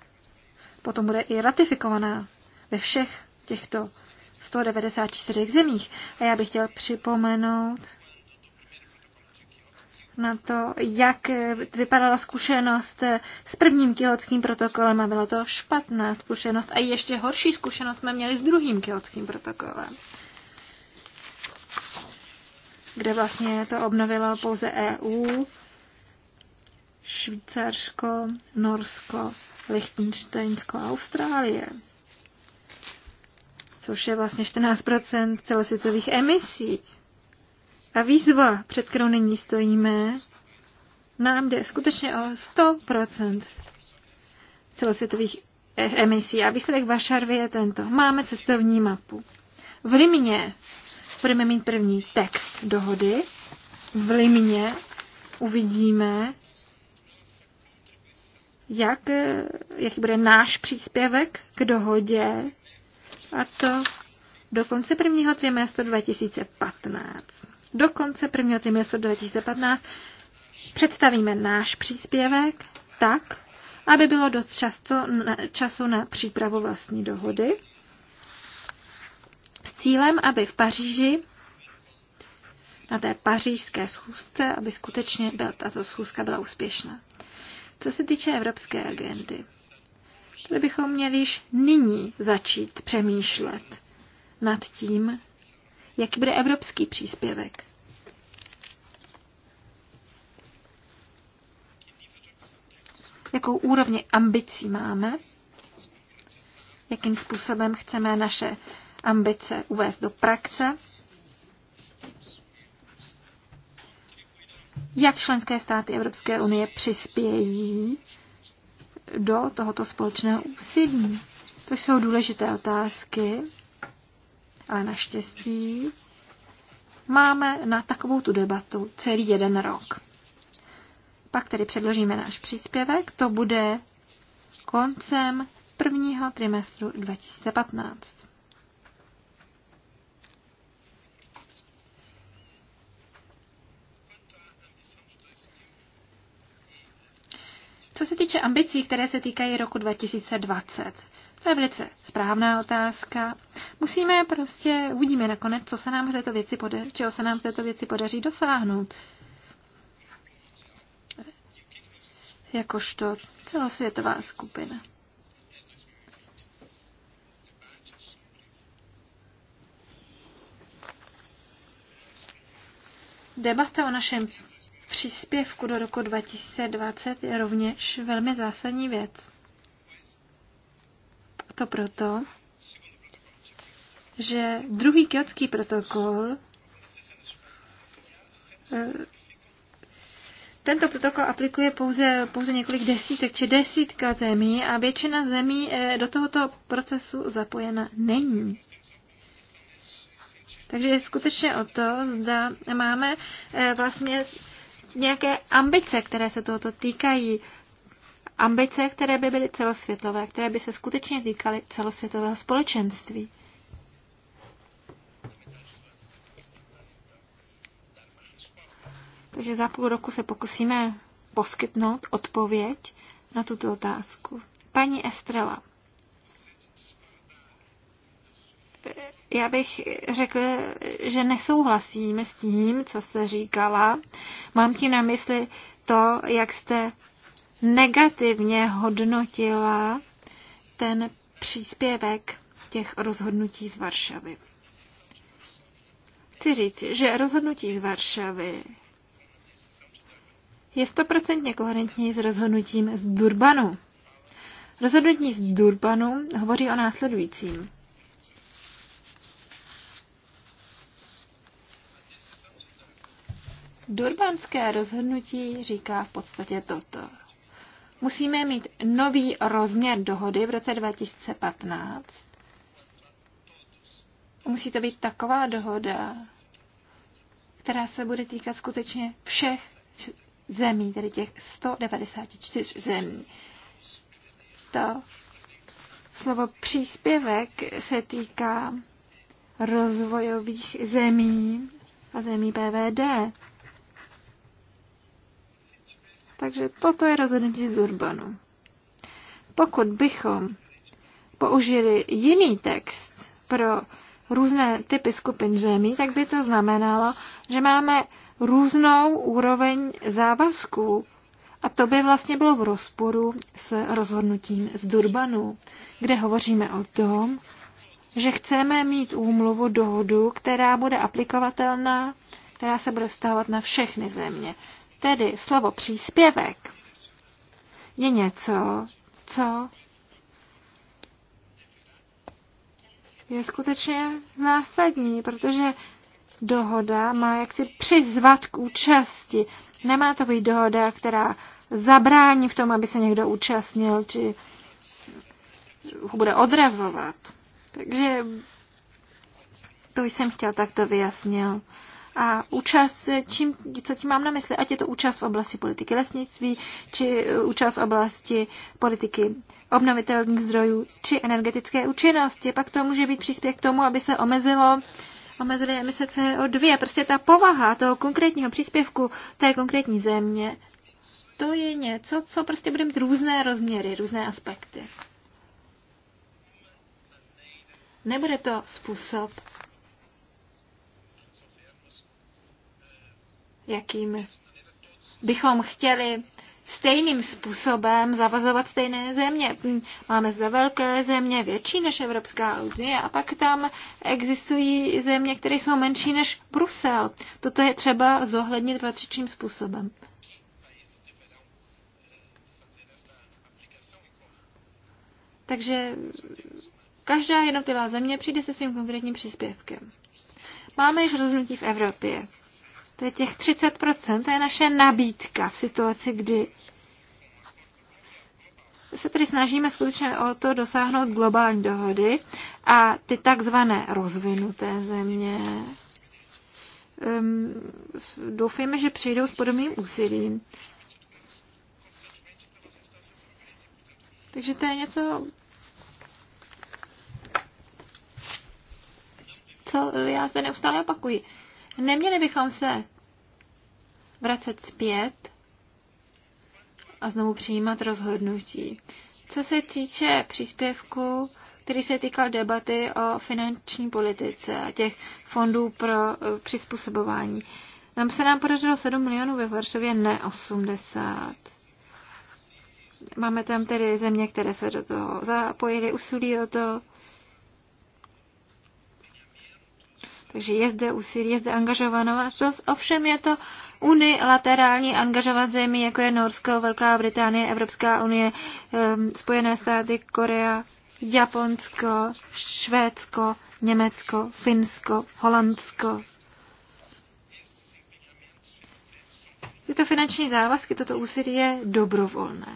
potom bude i ratifikovaná ve všech těchto 194 zemích. A já bych chtěl připomenout na to, jak vypadala zkušenost s prvním kyotským protokolem a byla to špatná zkušenost a ještě horší zkušenost jsme měli s druhým kyotským protokolem kde vlastně to obnovilo pouze EU, Švýcarsko, Norsko, Lichtensteinsko Austrálie což je vlastně 14 celosvětových emisí. A výzva, před kterou nyní stojíme, nám jde skutečně o 100 celosvětových e- emisí. A výsledek Vašarvy je tento. Máme cestovní mapu. V Limně budeme mít první text dohody. V Limně uvidíme, jak, jaký bude náš příspěvek k dohodě a to do konce prvního trimestru 2015. Do konce prvního trimestru 2015 představíme náš příspěvek tak, aby bylo dost často, času na přípravu vlastní dohody s cílem, aby v Paříži na té pařížské schůzce, aby skutečně byla, tato schůzka byla úspěšná. Co se týče evropské agendy, Čili bychom měli již nyní začít přemýšlet nad tím, jaký bude evropský příspěvek. Jakou úrovni ambicí máme, jakým způsobem chceme naše ambice uvést do praxe, jak členské státy Evropské unie přispějí do tohoto společného úsilí. To jsou důležité otázky, ale naštěstí máme na takovou tu debatu celý jeden rok. Pak tedy předložíme náš příspěvek, to bude koncem prvního trimestru 2015. Co se týče ambicí, které se týkají roku 2020, to je velice správná otázka. Musíme prostě, uvidíme nakonec, co se nám v této věci podaří, čeho se nám v této věci podaří dosáhnout. Jakožto celosvětová skupina. Debata o našem příspěvku do roku 2020 je rovněž velmi zásadní věc. A to proto, že druhý kiotský protokol eh, tento protokol aplikuje pouze, pouze několik desítek či desítka zemí a většina zemí eh, do tohoto procesu zapojena není. Takže je skutečně o to, zda máme eh, vlastně nějaké ambice, které se tohoto týkají. Ambice, které by byly celosvětové, které by se skutečně týkaly celosvětového společenství. Takže za půl roku se pokusíme poskytnout odpověď na tuto otázku. Paní Estrela. já bych řekl, že nesouhlasím s tím, co jste říkala. Mám tím na mysli to, jak jste negativně hodnotila ten příspěvek těch rozhodnutí z Varšavy. Chci říct, že rozhodnutí z Varšavy je stoprocentně koherentní s rozhodnutím z Durbanu. Rozhodnutí z Durbanu hovoří o následujícím. Durbanské rozhodnutí říká v podstatě toto. Musíme mít nový rozměr dohody v roce 2015. Musí to být taková dohoda, která se bude týkat skutečně všech zemí, tedy těch 194 zemí. To slovo příspěvek se týká rozvojových zemí a zemí PVD. Takže toto je rozhodnutí z Urbanu. Pokud bychom použili jiný text pro různé typy skupin zemí, tak by to znamenalo, že máme různou úroveň závazků a to by vlastně bylo v rozporu s rozhodnutím z Durbanu, kde hovoříme o tom, že chceme mít úmluvu, dohodu, která bude aplikovatelná, která se bude vztahovat na všechny země. Tedy slovo příspěvek je něco, co je skutečně zásadní, protože dohoda má jaksi přizvat k účasti. Nemá to být dohoda, která zabrání v tom, aby se někdo účastnil, či ho bude odrazovat. Takže to jsem chtěl takto vyjasnit. A účast, čím, co tím mám na mysli, ať je to účast v oblasti politiky lesnictví, či uh, účast v oblasti politiky obnovitelných zdrojů, či energetické účinnosti. Pak to může být příspěch k tomu, aby se omezilo omezily emise CO2. Prostě ta povaha toho konkrétního příspěvku té konkrétní země, to je něco, co prostě bude mít různé rozměry, různé aspekty. Nebude to způsob, jakým bychom chtěli stejným způsobem zavazovat stejné země. Máme zde velké země, větší než Evropská unie, a pak tam existují země, které jsou menší než Brusel. Toto je třeba zohlednit patřičným způsobem. Takže každá jednotlivá země přijde se svým konkrétním příspěvkem. Máme již rozhodnutí v Evropě. To je těch 30%, to je naše nabídka v situaci, kdy se tedy snažíme skutečně o to dosáhnout globální dohody a ty takzvané rozvinuté země um, doufejme, že přijdou s podobným úsilím. Takže to je něco, co já zde neustále opakuji. Neměli bychom se vracet zpět a znovu přijímat rozhodnutí. Co se týče příspěvku, který se týkal debaty o finanční politice a těch fondů pro e, přizpůsobování, nám se nám podařilo 7 milionů ve Varšavě, ne 80. Máme tam tedy země, které se do toho zapojily, usilí o to. Takže je zde úsilí, je zde angažovanost, ovšem je to unilaterální angažovat zemí, jako je Norsko, Velká Británie, Evropská unie, Spojené státy, Korea, Japonsko, Švédsko, Německo, Finsko, Holandsko. Tyto finanční závazky, toto úsilí je dobrovolné.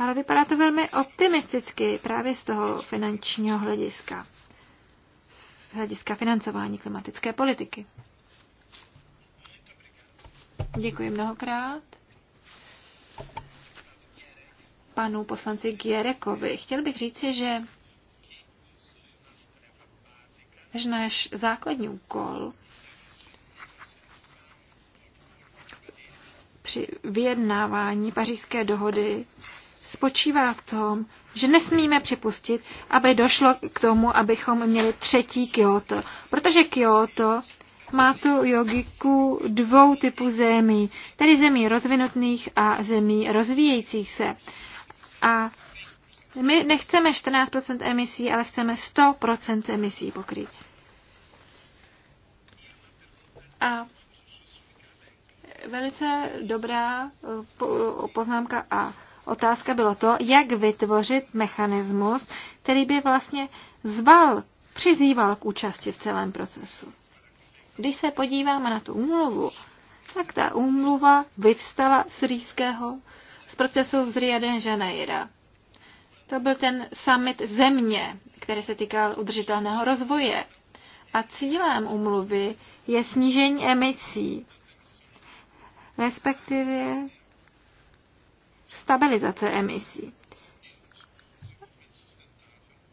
Ale vypadá to velmi optimisticky právě z toho finančního hlediska, z hlediska financování klimatické politiky. Děkuji mnohokrát panu poslanci Gierekovi. Chtěl bych říci, že, že náš základní úkol při vyjednávání pařížské dohody spočívá v tom, že nesmíme připustit, aby došlo k tomu, abychom měli třetí Kyoto. Protože Kyoto má tu logiku dvou typů zemí, tedy zemí rozvinutých a zemí rozvíjejících se. A my nechceme 14% emisí, ale chceme 100% emisí pokryt. A velice dobrá eh, eh, poznámka A otázka bylo to, jak vytvořit mechanismus, který by vlastně zval, přizýval k účasti v celém procesu. Když se podíváme na tu úmluvu, tak ta úmluva vyvstala z rýského, z procesu z Rio de Janeiro. To byl ten summit země, který se týkal udržitelného rozvoje. A cílem úmluvy je snížení emisí, respektive stabilizace emisí.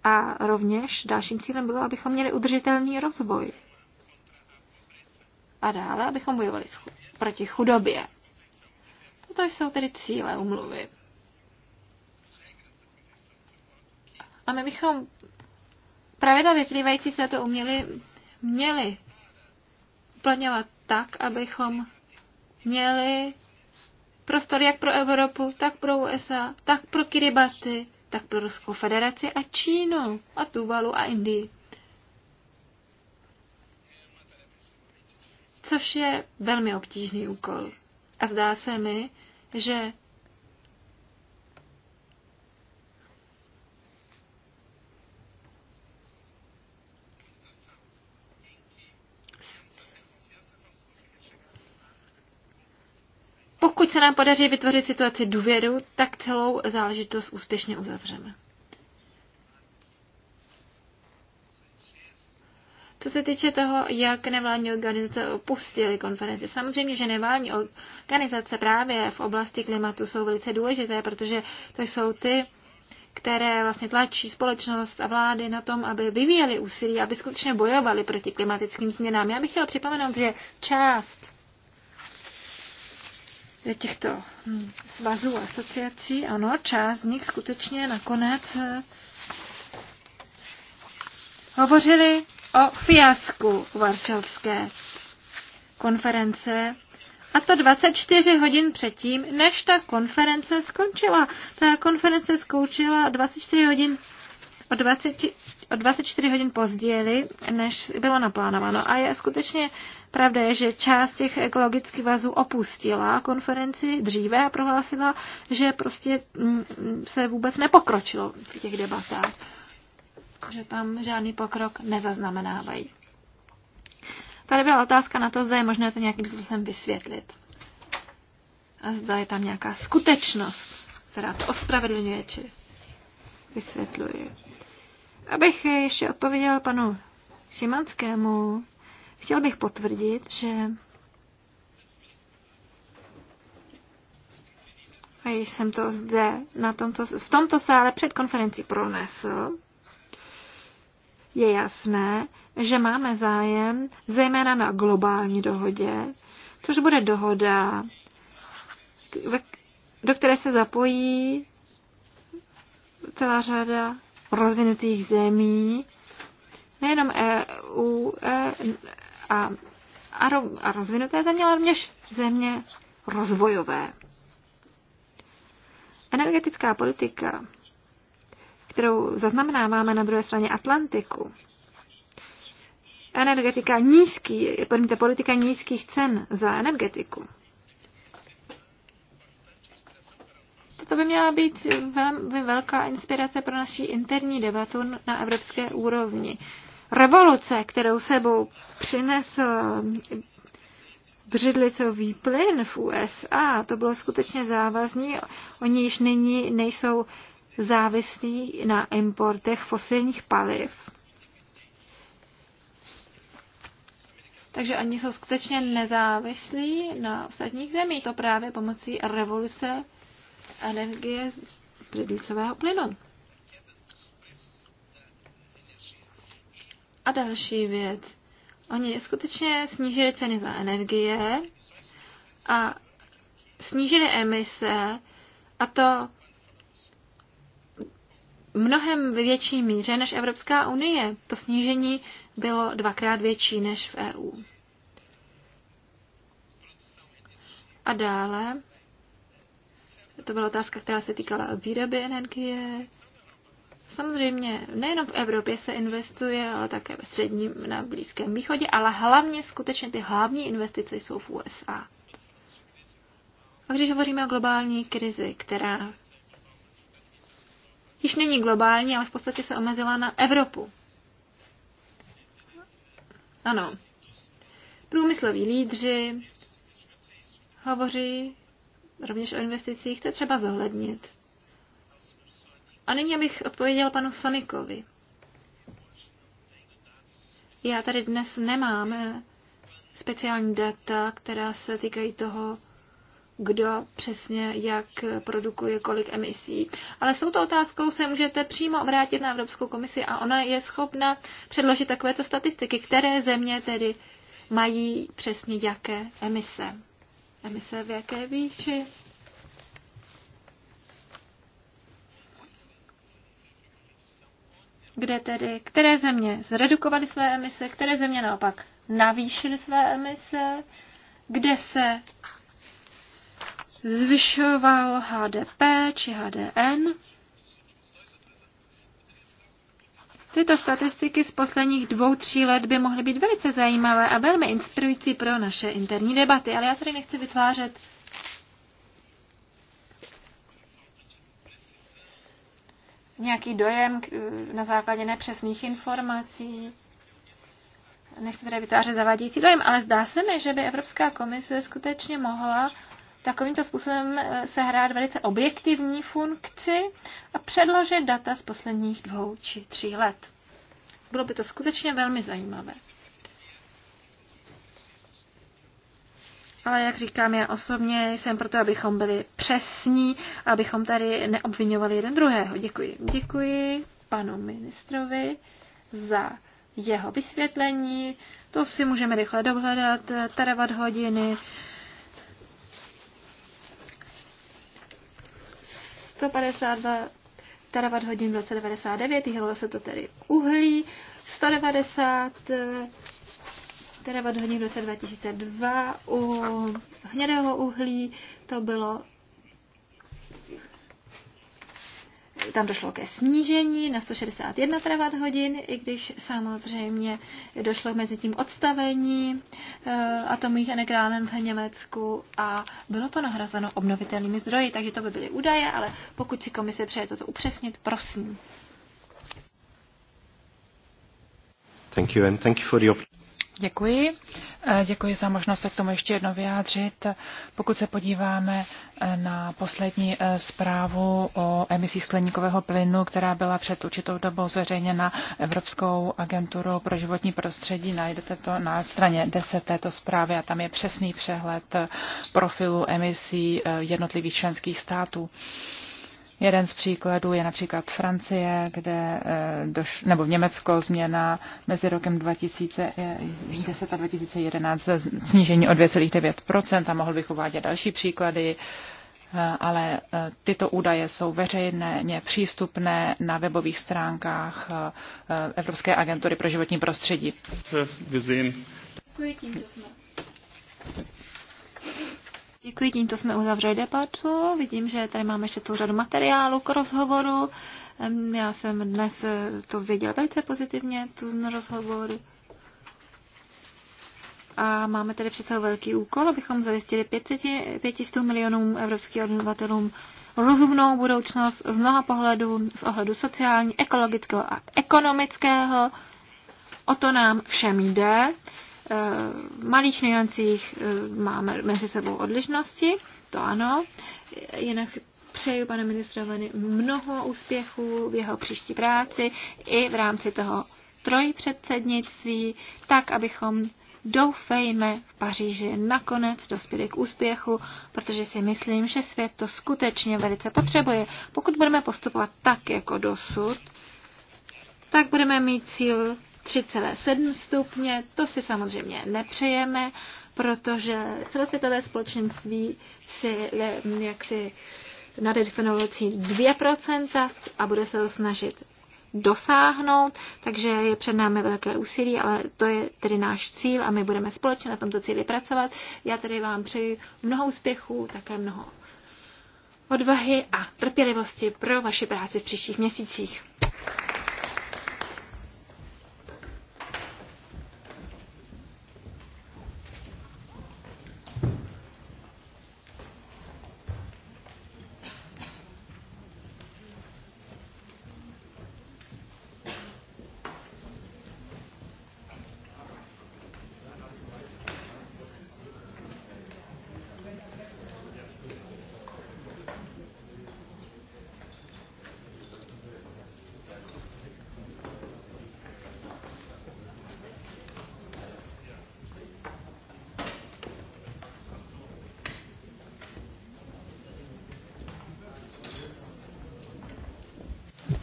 A rovněž dalším cílem bylo, abychom měli udržitelný rozvoj. A dále, abychom bojovali proti chudobě. Toto jsou tedy cíle umluvy. A my bychom pravidla vyplývající se to uměli měli uplatňovat tak, abychom měli prostor jak pro Evropu, tak pro USA, tak pro Kiribati, tak pro Ruskou federaci a Čínu a Tuvalu a Indii. Což je velmi obtížný úkol. A zdá se mi, že Pokud se nám podaří vytvořit situaci důvěru, tak celou záležitost úspěšně uzavřeme. Co se týče toho, jak nevládní organizace opustily konferenci, samozřejmě, že nevládní organizace právě v oblasti klimatu jsou velice důležité, protože to jsou ty, které vlastně tlačí společnost a vlády na tom, aby vyvíjeli úsilí, aby skutečně bojovali proti klimatickým změnám. Já bych chtěla připomenout, že část těchto hm, svazů a asociací, ano, část z nich skutečně nakonec eh, hovořili o fiasku Varšavské konference a to 24 hodin předtím, než ta konference skončila. Ta konference skončila 24 hodin o 20, o 24 hodin později, než bylo naplánováno. A je skutečně pravda, že část těch ekologických vazů opustila konferenci dříve a prohlásila, že prostě mm, mm, se vůbec nepokročilo v těch debatách. Že tam žádný pokrok nezaznamenávají. Tady byla otázka na to, zda je možné to nějakým způsobem vysvětlit. A zda je tam nějaká skutečnost, která to ospravedlňuje či vysvětluje. Abych ještě odpověděl panu Šimanskému, chtěl bych potvrdit, že a již jsem to zde na tomto, v tomto sále před konferencí pronesl, je jasné, že máme zájem zejména na globální dohodě, což bude dohoda, do které se zapojí celá řada rozvinutých zemí, nejenom EU e a, a, a rozvinuté země, ale rovněž země rozvojové. Energetická politika, kterou zaznamenáváme na druhé straně Atlantiku, energetika nízký, promiňte, politika nízkých cen za energetiku, To by měla být velmi velká inspirace pro naši interní debatu na evropské úrovni. Revoluce, kterou sebou přinesl břidlicový plyn v USA, to bylo skutečně závazní. Oni již nyní nejsou závislí na importech fosilních paliv. Takže oni jsou skutečně nezávislí na ostatních zemích. To právě pomocí revoluce energie z prydlicového plynu. A další věc. Oni skutečně snížili ceny za energie a snížili emise a to mnohem větší míře než Evropská unie. To snížení bylo dvakrát větší než v EU. A dále to byla otázka, která se týkala výroby energie. Samozřejmě nejenom v Evropě se investuje, ale také ve středním, na Blízkém východě, ale hlavně skutečně ty hlavní investice jsou v USA. A když hovoříme o globální krizi, která již není globální, ale v podstatě se omezila na Evropu. Ano. Průmysloví lídři hovoří rovněž o investicích, to je třeba zohlednit. A nyní abych odpověděl panu Sonikovi. Já tady dnes nemám eh, speciální data, která se týkají toho, kdo přesně jak produkuje kolik emisí. Ale s touto otázkou se můžete přímo obrátit na Evropskou komisi a ona je schopna předložit takovéto statistiky, které země tedy mají přesně jaké emise emise v jaké výši. Kde tedy, které země zredukovaly své emise, které země naopak navýšily své emise, kde se zvyšoval HDP či HDN. Tyto statistiky z posledních dvou, tří let by mohly být velice zajímavé a velmi inspirující pro naše interní debaty, ale já tady nechci vytvářet nějaký dojem na základě nepřesných informací. Nechci tady vytvářet zavádějící dojem, ale zdá se mi, že by Evropská komise skutečně mohla takovýmto způsobem eh, sehrát velice objektivní funkci a předložit data z posledních dvou či tří let. Bylo by to skutečně velmi zajímavé. Ale jak říkám, já osobně jsem proto, abychom byli přesní, abychom tady neobvinovali jeden druhého. Děkuji. Děkuji panu ministrovi za jeho vysvětlení. To si můžeme rychle dohledat, teravat hodiny, 152 terawatt hodin v roce 99, týkalo se to tedy uhlí, 190 eh, terawatt hodin v roce 2002 u hnědého uhlí, to bylo tam došlo ke snížení na 161 trvat hodin, i když samozřejmě došlo mezi tím odstavení eh, atomových enekránem v Německu a bylo to nahrazeno obnovitelnými zdroji, takže to by byly údaje, ale pokud si komise přeje toto upřesnit, prosím. Thank you and thank you for the Děkuji. E, děkuji za možnost se k tomu ještě jedno vyjádřit. Pokud se podíváme e, na poslední e, zprávu o emisí skleníkového plynu, která byla před určitou dobou zveřejněna Evropskou agenturou pro životní prostředí, najdete to na straně 10 této zprávy a tam je přesný přehled profilu emisí jednotlivých členských států. Jeden z příkladů je například Francie, kde eh, doš, nebo v Německo změna mezi rokem 2010 eh, a 2011 snížení o 2,9 a mohl bych uvádět další příklady eh, ale tyto údaje jsou veřejně přístupné na webových stránkách Evropské agentury pro životní prostředí. Děkuji, tímto jsme. Děkuji, tímto jsme uzavřeli debatu. Vidím, že tady máme ještě celou řadu materiálu k rozhovoru. Já jsem dnes eh, to věděla velice pozitivně, tu rozhovor. A máme tady přece velký úkol, abychom zajistili 500, 500 milionům evropských obyvatelům rozumnou budoucnost z mnoha pohledů, z ohledu sociální, ekologického a ekonomického. O to nám všem jde. Eh, malých niancích eh, máme mezi sebou odlišnosti, to ano. Jinak přeju pane ministrovi mnoho úspěchů v jeho příští práci i v rámci toho trojpředsednictví, tak abychom doufejme v Paříži nakonec dospěli k úspěchu, protože si myslím, že svět to skutečně velice potřebuje. Pokud budeme postupovat tak jako dosud, tak budeme mít cíl 3,7 stupně. To si samozřejmě nepřejeme, protože celosvětové společenství si jaksi nadefinovalo cíl 2% a bude se to snažit dosáhnout, takže je před námi velké úsilí, ale to je tedy náš cíl a my budeme společně na tomto cíli pracovat. Já tedy vám přeji mnoho úspěchů, také mnoho odvahy a trpělivosti pro vaši práci v příštích měsících.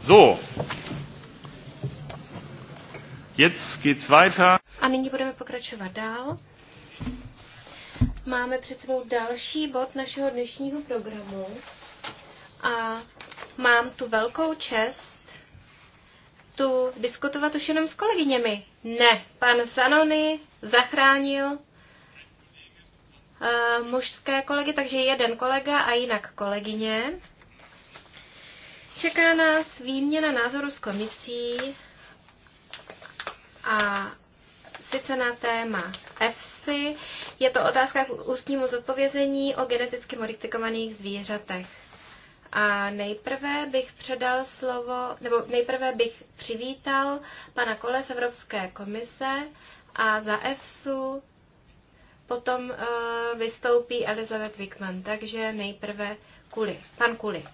So. Jetzt geht's weiter. A nyní budeme pokračovat dál. Máme před sebou další bod našeho dnešního programu a mám tu velkou čest tu diskutovat už jenom s kolegyněmi. Ne, pan Zanony zachránil uh, mužské kolegy, takže jeden kolega a jinak kolegyně. Čeká nás výměna názoru s komisí a sice na téma EFSI. Je to otázka k ústnímu zodpovězení o geneticky modifikovaných zvířatech. A nejprve bych předal slovo, nebo nejprve bych přivítal pana Kole z Evropské komise a za EFSU potom uh, vystoupí Elizabeth Wickman. Takže nejprve Kuli, pan Kuli.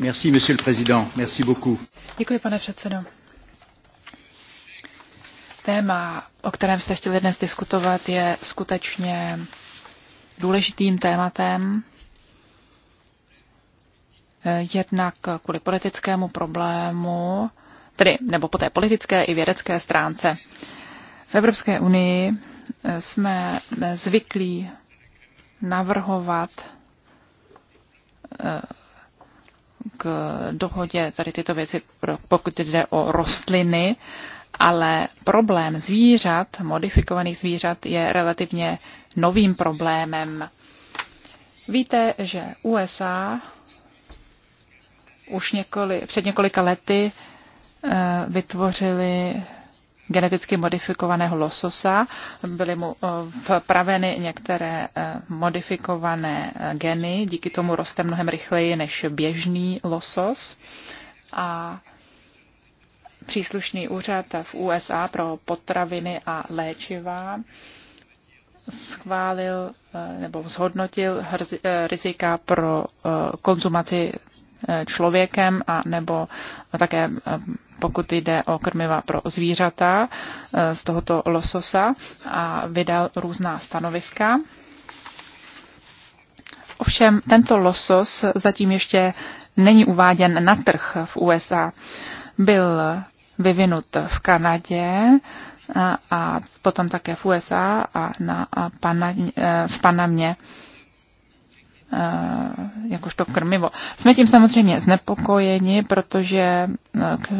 Merci, monsieur le président. Merci beaucoup. Děkuji, pane předsedo. Téma, o kterém jste chtěli dnes diskutovat, je skutečně důležitým tématem. Jednak kvůli politickému problému, tedy nebo po té politické i vědecké stránce. V Evropské unii jsme zvyklí navrhovat k dohodě tady tyto věci, pokud jde o rostliny, ale problém zvířat, modifikovaných zvířat, je relativně novým problémem. Víte, že USA už několik, před několika lety eh, vytvořili geneticky modifikovaného lososa. Byly mu eh, vpraveny některé eh, modifikované eh, geny, díky tomu roste mnohem rychleji než běžný losos. A příslušný úřad v USA pro potraviny a léčiva schválil nebo zhodnotil rizika pro konzumaci člověkem a nebo také pokud jde o krmiva pro zvířata eh, z tohoto lososa a vydal různá stanoviska. Ovšem tento losos zatím ještě není uváděn na trh v USA. Byl vyvinut v Kanadě eh, a potom také v USA a na Pana, eh, v Panamě. Eh, jakožto krmivo. Jsme tím samozřejmě znepokojeni, protože eh,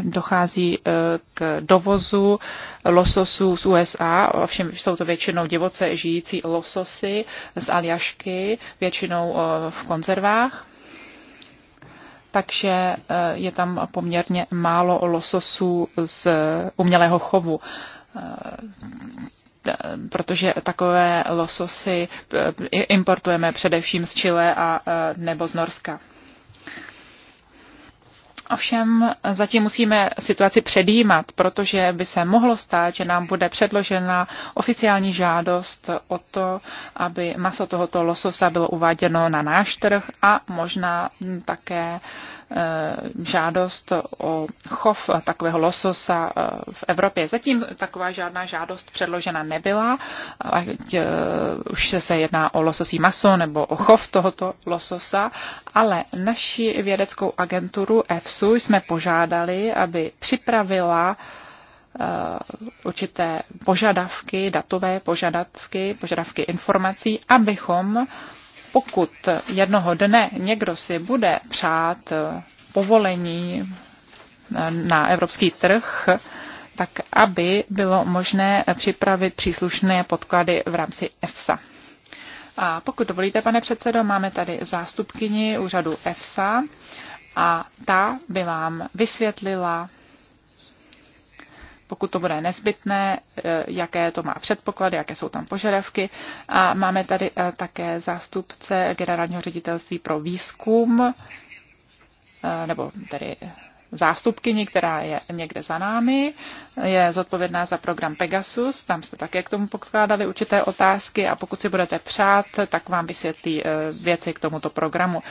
dochází eh, k dovozu lososů z USA, ovšem jsou to většinou divoce žijící lososy z Aljašky, většinou v konzervách takže je tam poměrně málo lososů z umělého chovu protože takové lososy eh, importujeme především z Chile a eh, nebo z Norska. Ovšem zatím musíme situaci předjímat, protože by se mohlo stát, že nám bude předložena oficiální žádost o to, aby maso tohoto lososa bylo uváděno na náš trh a možná také Eh, žádost o chov takového lososa eh, v Evropě. Zatím taková žádná žádost předložena nebyla, ať eh, už se jedná o lososí maso nebo o chov tohoto lososa, ale naši vědeckou agenturu EFSU jsme požádali, aby připravila určité požadavky, datové požadavky, požadavky informací, abychom pokud jednoho dne někdo si bude přát povolení na evropský trh, tak aby bylo možné připravit příslušné podklady v rámci EFSA. A pokud dovolíte, pane předsedo, máme tady zástupkyni úřadu EFSA a ta by vám vysvětlila pokud to bude nezbytné, eh, jaké to má předpoklady, jaké jsou tam požadavky. A máme tady eh, také zástupce generálního ředitelství pro výzkum, eh, nebo tedy zástupkyni, která je někde za námi, je zodpovědná za program Pegasus, tam jste také k tomu pokládali určité otázky a pokud si budete přát, tak vám vysvětlí věci k tomuto programu.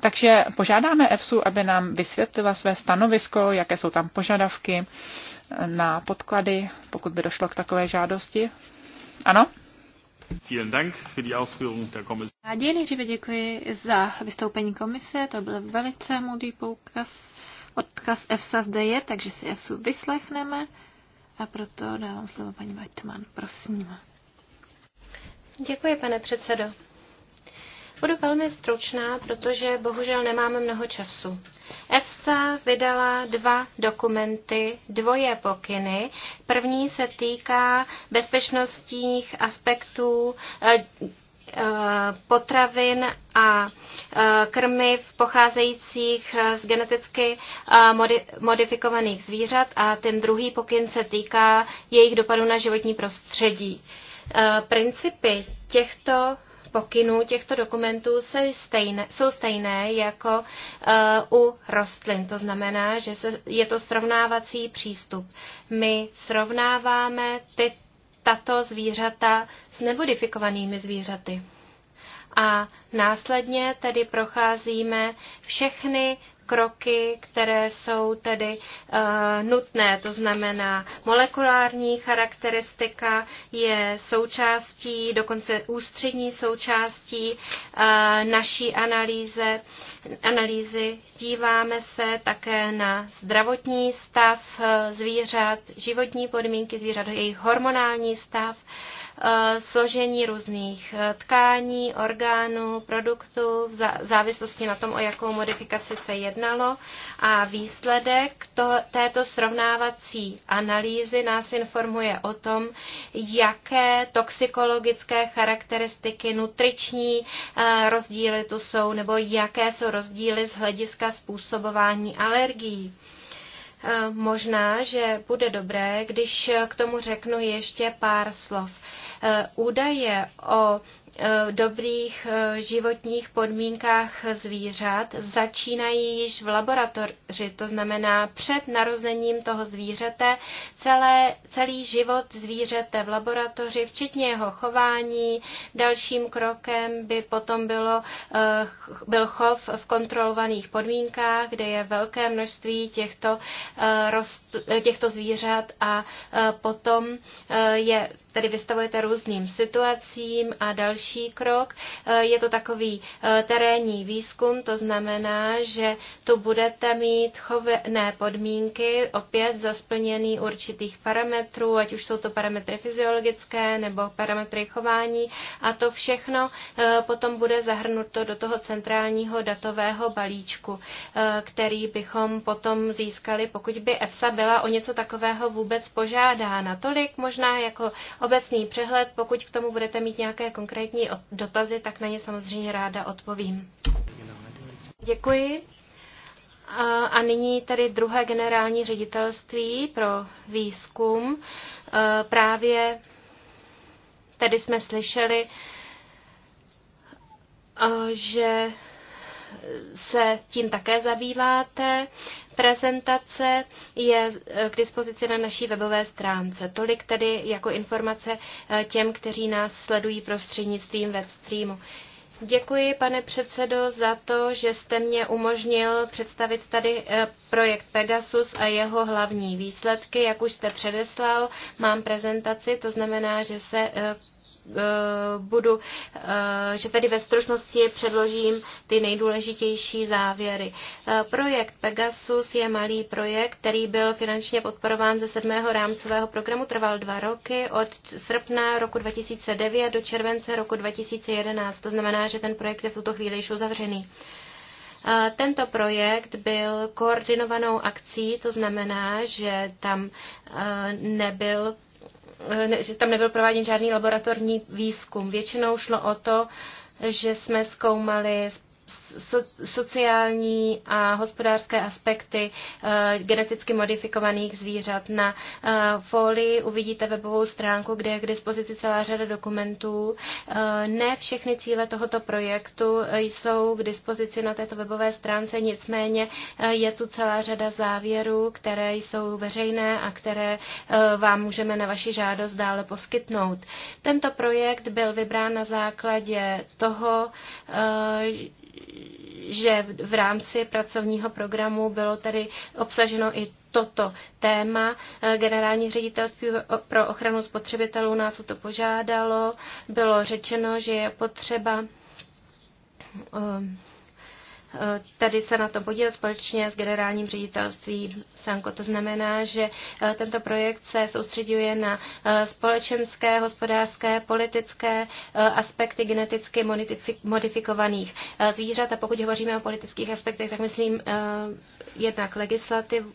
Takže požádáme EFSU, aby nám vysvětlila své stanovisko, jaké jsou tam požadavky na podklady, pokud by došlo k takové žádosti. Ano? Vielen Dank für die Ausführung der Kommission. Já nejdříve děkuji za vystoupení komise, to byl velice moudrý poukaz. Odkaz EFSA zde je, takže si EFSU vyslechneme a proto dávám slovo paní Vajtman. Prosím. Děkuji, pane předsedo. Budu velmi stručná, protože bohužel nemáme mnoho času. EFSA vydala dva dokumenty, dvoje pokyny. První se týká bezpečnostních aspektů eh, eh, potravin a eh, krmiv pocházejících z geneticky modifikovaných zvířat a ten druhý pokyn se týká jejich dopadu na životní prostředí. Principy těchto pokynů těchto dokumentů se stejné, jsou stejné jako uh, u rostlin. To znamená, že se, je to srovnávací přístup. My srovnáváme ty, tato zvířata s nemodifikovanými zvířaty a následně tedy procházíme všechny kroky, které jsou tedy e, nutné. To znamená, molekulární charakteristika je součástí, dokonce ústřední součástí e, naší analýze, analýzy. Díváme se také na zdravotní stav eh, zvířat, životní podmínky zvířat, jejich hormonální stav. E, Eh, složení různých eh, tkání, orgánů, produktů, v závislosti na tom, o jakou modifikaci se jednalo. A výsledek to, této srovnávací analýzy nás informuje o tom, jaké toxikologické charakteristiky, nutriční eh, rozdíly tu jsou, nebo jaké jsou rozdíly z hlediska způsobování alergií. Eh, možná, že bude dobré, když k tomu řeknu ještě pár slov. Eh, údaje o eh, dobrých eh, životních podmínkách zvířat začínají již v laboratoři, to znamená před narozením toho zvířete, celé, celý život zvířete v laboratoři, včetně jeho chování. Dalším krokem by potom bylo, byl chov v kontrolovaných podmínkách, kde je velké množství těchto, těchto zvířat a potom je, tedy vystavujete různým situacím a další krok. Eh, je to takový eh, terénní výzkum, to znamená, že tu budete mít chovné podmínky, opět zasplněný určitých parametrů, ať už jsou to parametry fyziologické nebo parametry chování a to všechno eh, potom bude zahrnuto do toho centrálního datového balíčku, který bychom potom získali, pokud by EFSA byla o něco takového vůbec požádána. Tolik možná jako obecný přehled let. Pokud k tomu budete mít nějaké konkrétní dotazy, tak na ně samozřejmě ráda odpovím. Děkuji. A nyní tady druhé generální ředitelství pro výzkum. E, právě tady jsme slyšeli, e, že se tím také zabýváte. Prezentace je eh, k dispozici na naší webové stránce. Tolik tedy jako informace eh, těm, kteří nás sledují prostřednictvím webstreamu. Děkuji, pane předsedo, za to, že jste mě umožnil představit tady eh, projekt Pegasus a jeho hlavní výsledky. Jak už jste předeslal, mám prezentaci, to znamená, že se Eh, budu, eh, že tady ve stručnosti předložím ty nejdůležitější závěry. Eh, projekt Pegasus je malý projekt, který byl finančně podporován ze sedmého rámcového programu, trval dva roky, od srpna roku 2009 do července roku 2011. To znamená, že ten projekt je v tuto chvíli již uzavřený. Tento projekt byl koordinovanou akcí, to znamená, že tam nebyl Eh, že tam nebyl prováděn žádný laboratorní výzkum. Většinou šlo o to, že jsme zkoumali sociální a hospodářské aspekty eh, geneticky modifikovaných zvířat. Na eh, folii uvidíte webovou stránku, kde je k dispozici celá řada dokumentů. Eh, ne všechny cíle tohoto projektu jsou k dispozici na této webové stránce, nicméně je tu celá řada závěrů, které jsou veřejné a které vám můžeme na vaši žádost dále poskytnout. Tento projekt byl vybrán na základě toho, že v rámci pracovního programu bylo tedy obsaženo i toto téma. Eh, Generální ředitelství pro ochranu spotřebitelů nás o to požádalo. Bylo řečeno, že je potřeba eh, Eh, tady se na to podílet společně s generálním ředitelstvím Sanko. To znamená, že eh, tento projekt se soustředuje na eh, společenské, hospodářské, politické aspekty geneticky modifikovaných zvířat. A pokud hovoříme o politických aspektech, tak myslím jednak legislativu,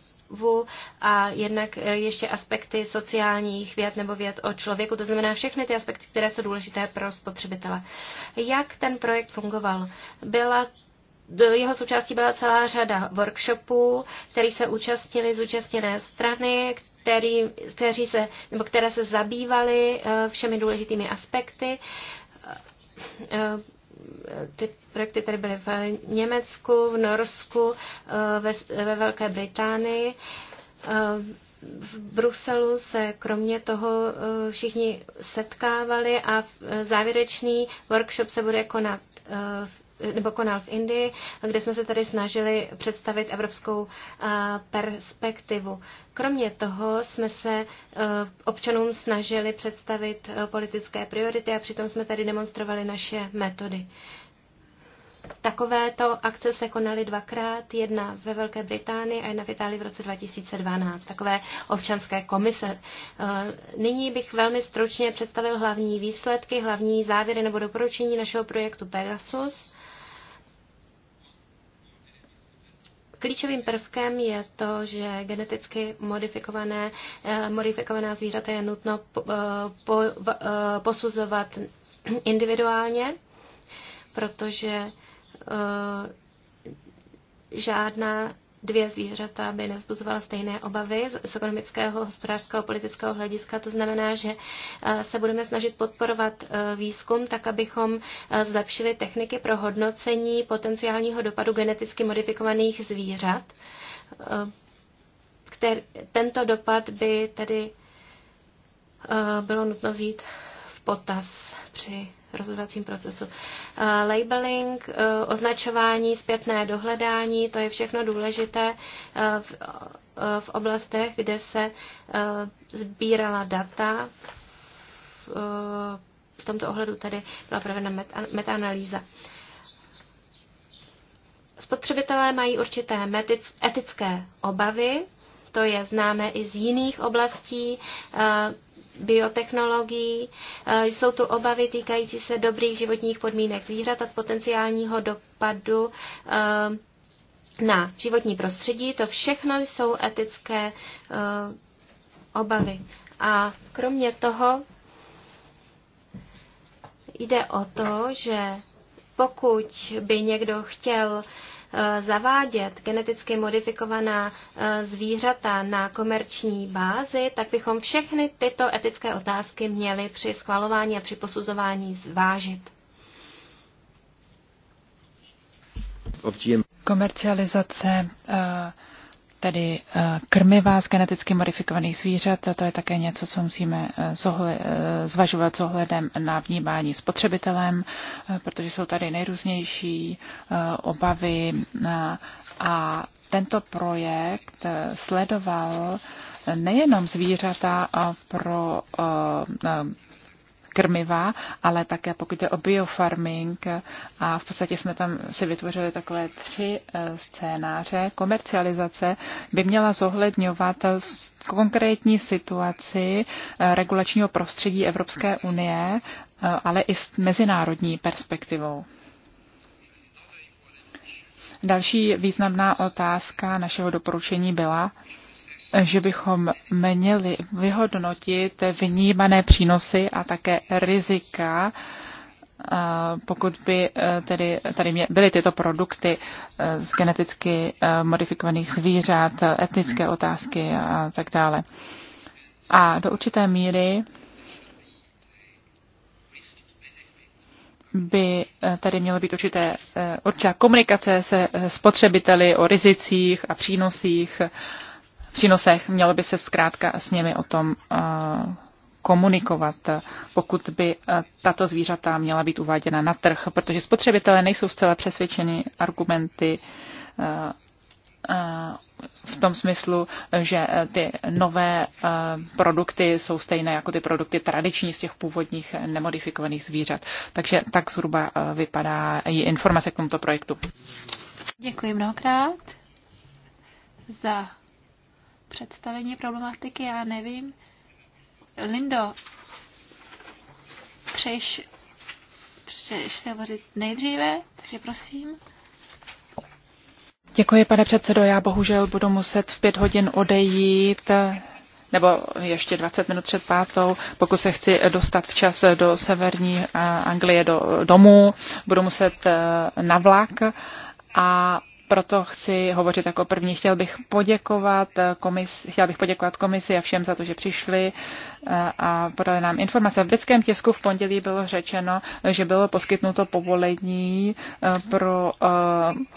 a jednak ještě aspekty sociálních věd nebo věd o člověku, to znamená všechny ty aspekty, které jsou důležité pro spotřebitele. Jak ten projekt fungoval? Byla do jeho součástí byla celá řada workshopů, který se účastnili zúčastněné strany, který, kteří se, nebo které se zabývaly eh, všemi důležitými aspekty. Eh, eh, ty projekty tady byly v Německu, v Norsku, ve, ve Velké Británii. V Bruselu se kromě toho všichni setkávali a závěrečný workshop se bude konat v nebo konal v Indii, kde jsme se tady snažili představit evropskou eh, perspektivu. Kromě toho jsme se eh, občanům snažili představit eh, politické priority a přitom jsme tady demonstrovali naše metody. Takovéto akce se konaly dvakrát, jedna ve Velké Británii a jedna v Itálii v roce 2012, takové občanské komise. Nyní bych velmi stručně představil hlavní výsledky, hlavní závěry nebo doporučení našeho projektu Pegasus. Klíčovým prvkem je to, že geneticky modifikované, eh, modifikovaná zvířata je nutno eh, eh, posuzovat individuálně, protože žádná dvě zvířata by nevzbuzovala stejné obavy z ekonomického, hospodářského, politického hlediska. To znamená, že eh, se budeme snažit podporovat eh, výzkum tak, abychom eh, zlepšili techniky pro hodnocení potenciálního dopadu geneticky modifikovaných zvířat. Tento dopad by tedy bylo nutno vzít v potaz při v rozhodovacím procesu. Eh, labeling, eh, označování, zpětné dohledání, to je všechno důležité eh, v oblastech, kde se sbírala data. V tomto ohledu tady byla provedena metaanalýza. Spotřebitelé mají určité etické obavy, to je známé i z jiných oblastí biotechnologií. Eh, jsou tu obavy týkající se dobrých životních podmínek zvířat a potenciálního dopadu eh, na životní prostředí. To všechno jsou etické eh, obavy. A kromě toho jde o to, že pokud by někdo chtěl Eh, zavádět geneticky modifikovaná eh, zvířata na komerční bázi, tak bychom všechny tyto etické otázky měli při schvalování a při posuzování zvážit. Komercializace uh tedy eh, krmiva z geneticky modifikovaných zvířat, to je také něco, co musíme eh, eh, zvažovat s ohledem na vnímání spotřebitelem, protože jsou tady nejrůznější obavy a tento projekt sledoval nejenom zvířata pro krmiva, ale také pokud jde o biofarming eh, a v podstatě jsme tam si vytvořili takové tři eh, scénáře. Komercializace by měla zohledňovat eh, konkrétní situaci regulačního prostředí Evropské unie, ale i s mezinárodní perspektivou. Další významná otázka našeho doporučení byla, že bychom měli vyhodnotit vnímané přínosy a také rizika, pokud by e, tedy tady byly tyto produkty e, z geneticky e, modifikovaných zvířat, etnické otázky a tak dále. A do určité míry by tady mělo být určité, určitá komunikace se spotřebiteli o rizicích a přínosích přínosech. Mělo by se zkrátka s nimi o tom eh, komunikovat, pokud by eh, tato zvířata měla být uváděna na trh, protože spotřebitelé nejsou zcela přesvědčeni argumenty eh, v tom smyslu, že ty nové produkty jsou stejné jako ty produkty tradiční z těch původních nemodifikovaných zvířat. Takže tak zhruba vypadá i informace k tomuto projektu. Děkuji mnohokrát za představení problematiky, já nevím. Lindo, přeješ, přeješ se hovořit nejdříve, takže prosím. Děkuji, pane předsedo. Já bohužel budu muset v pět hodin odejít nebo ještě 20 minut před pátou, pokud se chci dostat včas do severní eh, Anglie do domu, budu muset eh, na vlak a proto chci hovořit jako první. Chtěl bych poděkovat komisi, chtěl bych poděkovat komisi a všem za to, že přišli eh, a podali nám informace. V britském tisku v pondělí bylo řečeno, že bylo poskytnuto povolení eh, pro eh,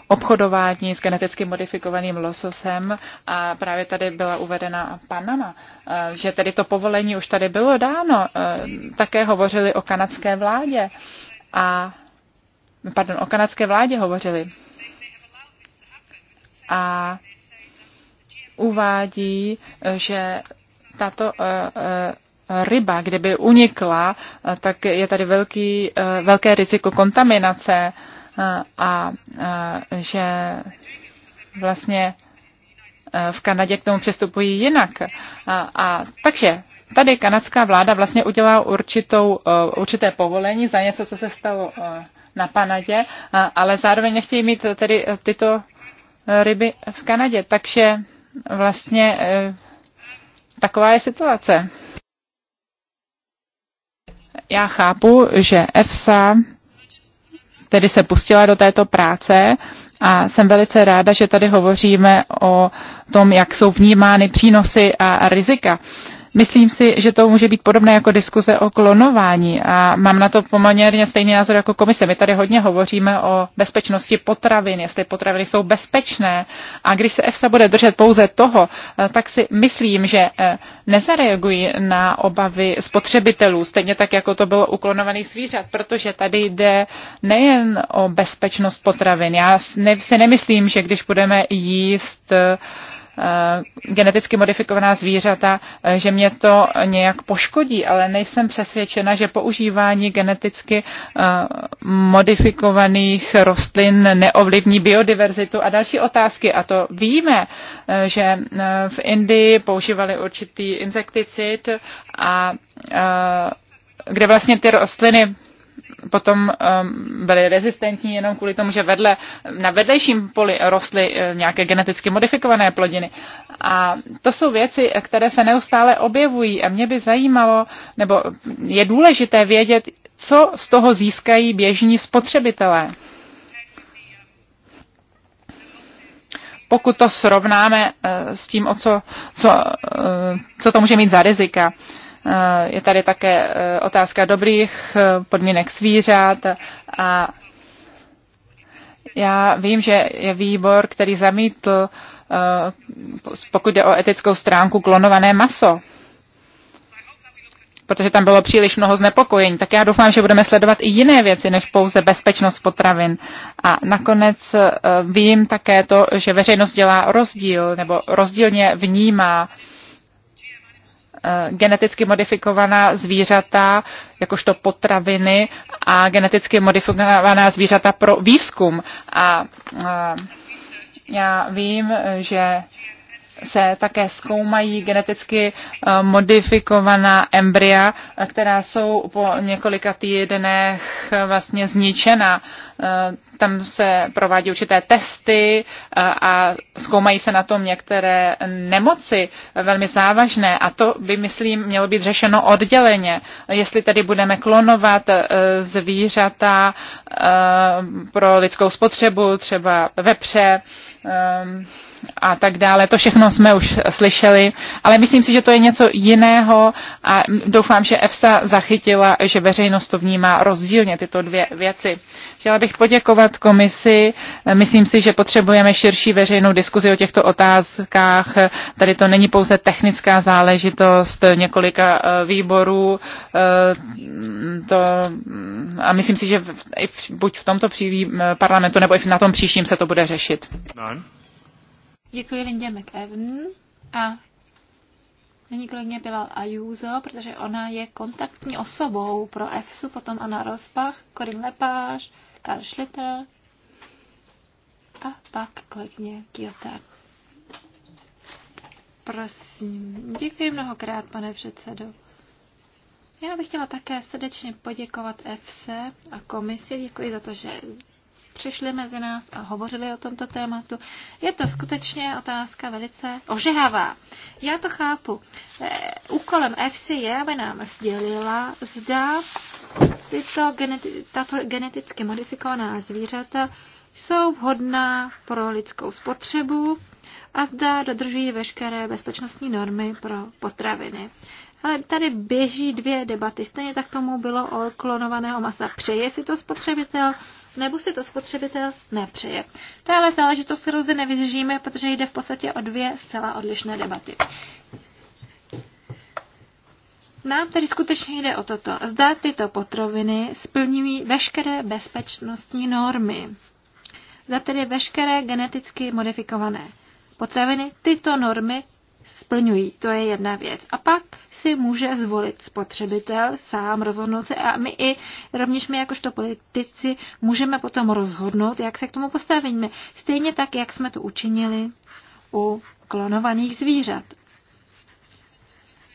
obchodování s geneticky modifikovaným lososem a právě tady byla uvedena Panama, že tedy to povolení už tady bylo dáno. Také hovořili o kanadské vládě a pardon, o kanadské vládě hovořili a uvádí, že tato eh, eh, ryba, kdyby unikla, eh, tak je tady velký, velké riziko kontaminace a že vlastně v Kanadě k tomu přistupují jinak. A, a takže tady kanadská vláda vlastně udělá určitou, určité povolení za něco, co se stalo na Panadě, ale zároveň nechtějí mít tedy tyto ryby v Kanadě. Takže eh, vlastně eh, taková je situace. Já chápu, že EFSA tedy se pustila do této práce a jsem velice ráda, že tady hovoříme o tom, jak jsou vnímány přínosy a rizika. Myslím si, že to může být podobné jako diskuze o klonování a mám na to poměrně stejný názor jako komise. My tady hodně hovoříme o bezpečnosti potravin, jestli potraviny jsou bezpečné a když se EFSA bude držet pouze toho, eh, tak si myslím, že eh, nezareagují na obavy spotřebitelů, stejně tak, jako to bylo u klonovaných zvířat, protože tady jde nejen o bezpečnost potravin. Já si nemyslím, že když budeme jíst eh, Eh, geneticky modifikovaná zvířata, eh, že mě to nějak poškodí, ale nejsem přesvědčena, že používání geneticky eh, modifikovaných rostlin neovlivní biodiverzitu a další otázky. A to víme, že v Indii používali určitý insekticid a kde vlastně ty rostliny potom ehm, byly rezistentní jenom kvůli tomu, že vedle, na vedlejším poli rostly eh, nějaké geneticky modifikované plodiny. A to jsou věci, které se neustále objevují a mě by zajímalo, nebo je důležité vědět, co z toho získají běžní spotřebitelé. Pokud to srovnáme eh, s tím, o co, co, eh, co to může mít za rizika. Eh, je tady také eh, otázka dobrých eh, podmínek zvířat a já vím, že je výbor, který zamítl, pokud jde o etickou stránku, klonované maso protože tam bylo příliš mnoho znepokojení. Tak já doufám, že budeme sledovat i jiné věci, než pouze bezpečnost potravin. A nakonec vím také to, že veřejnost dělá rozdíl nebo rozdílně vnímá uh, Eh, geneticky modifikovaná zvířata jakožto potraviny a geneticky modifikovaná zvířata pro výzkum. A eh, já vím, že se také zkoumají geneticky eh, modifikovaná embrya, která jsou po několika týdnech eh, vlastně zničena. Eh, tam se provádí určité testy a zkoumají se na tom některé nemoci velmi závažné a to by, myslím, mělo být řešeno odděleně. Jestli tedy budeme klonovat zvířata pro lidskou spotřebu, třeba vepře, a tak dále. To všechno jsme už slyšeli, ale myslím si, že to je něco jiného a doufám, že EFSA zachytila, že veřejnost to vnímá rozdílně tyto dvě věci. Chtěla bych poděkovat komisi. Myslím si, že potřebujeme širší veřejnou diskuzi o těchto otázkách. Tady to není pouze technická záležitost několika eh, výborů. Eh, to, a myslím si, že buď v tomto eh, parlamentu, nebo i na tom příštím se to bude řešit. Nein. Děkuji Lindě McEwen a nyní kolegyně byla Ayuso, protože ona je kontaktní osobou pro EFSU, potom Anna Rozpach, Corinne Lepáš, Karl Schlitter a pak kolegyně Kiotar. Prosím, děkuji mnohokrát, pane předsedo. Já bych chtěla také srdečně poděkovat EFSE a komisi. Děkuji za to, že přišli mezi nás a hovořili o tomto tématu. Je to skutečně otázka velice ožehavá. Já to chápu. E, úkolem EFSI je, aby nám sdělila, zda tyto geneti- tato geneticky modifikovaná zvířata jsou vhodná pro lidskou spotřebu a zda dodržují veškeré bezpečnostní normy pro potraviny. Ale tady běží dvě debaty. Stejně tak tomu bylo o klonovaného masa. Přeje si to spotřebitel, nebo si to spotřebitel nepřeje. To je ale záležitost, kterou zde nevyřešíme, protože jde v podstatě o dvě zcela odlišné debaty. Nám tedy skutečně jde o toto. Zda tyto potroviny splňují veškeré bezpečnostní normy. Zda tedy veškeré geneticky modifikované potraviny tyto normy splňují. To je jedna věc. A pak si může zvolit spotřebitel, sám rozhodnout se a my i, rovněž my jakožto politici, můžeme potom rozhodnout, jak se k tomu postavíme. Stejně tak, jak jsme to učinili u klonovaných zvířat.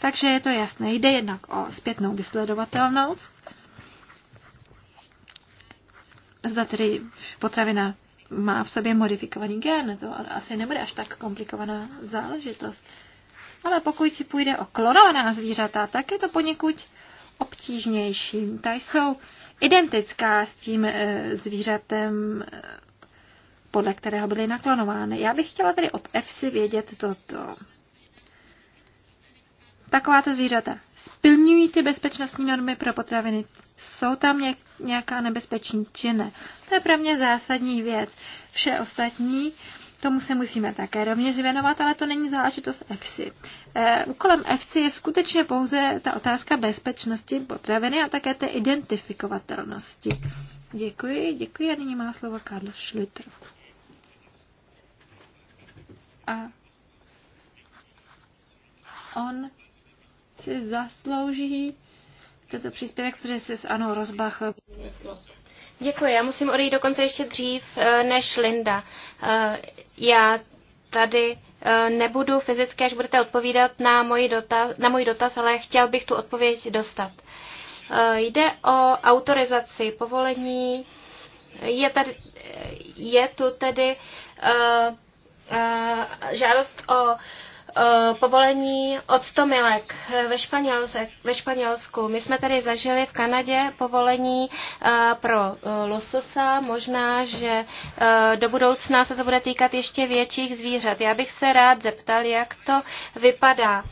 Takže je to jasné. Jde jednak o zpětnou vysledovatelnost, zda tedy potravina má v sobě modifikovaný gen. To asi nebude až tak komplikovaná záležitost. Ale pokud si půjde o klonovaná zvířata, tak je to poněkud obtížnější. Ta jsou identická s tím eh, zvířatem, eh, podle kterého byly naklonovány. Já bych chtěla tedy od EFSI vědět toto takováto zvířata splňují ty bezpečnostní normy pro potraviny? Jsou tam nějaká nebezpeční či ne? To je pro mě zásadní věc. Vše ostatní, tomu se musíme také rovněž věnovat, ale to není záležitost EFSI. Eh, úkolem EFSI je skutečně pouze ta otázka bezpečnosti potraviny a také té identifikovatelnosti. Děkuji, děkuji a nyní má slovo Karl Schlitter. A on si zaslouží tento příspěvek, protože se s Anou Rozbach... Děkuji, já musím odejít dokonce ještě dřív eh, než Linda. Eh, já tady eh, nebudu fyzicky, až budete odpovídat na můj dotaz, na můj dotaz ale chtěl bych tu odpověď dostat. Jde o autorizaci, povolení. Je, tady, je tu tedy žádost o Eh, povolení od Stomilek ve, ve Španělsku. My jsme tady zažili v Kanadě povolení eh, pro eh, lososa. Možná, že do budoucna se to bude týkat ještě větších zvířat. Já bych se rád zeptal, jak to vypadá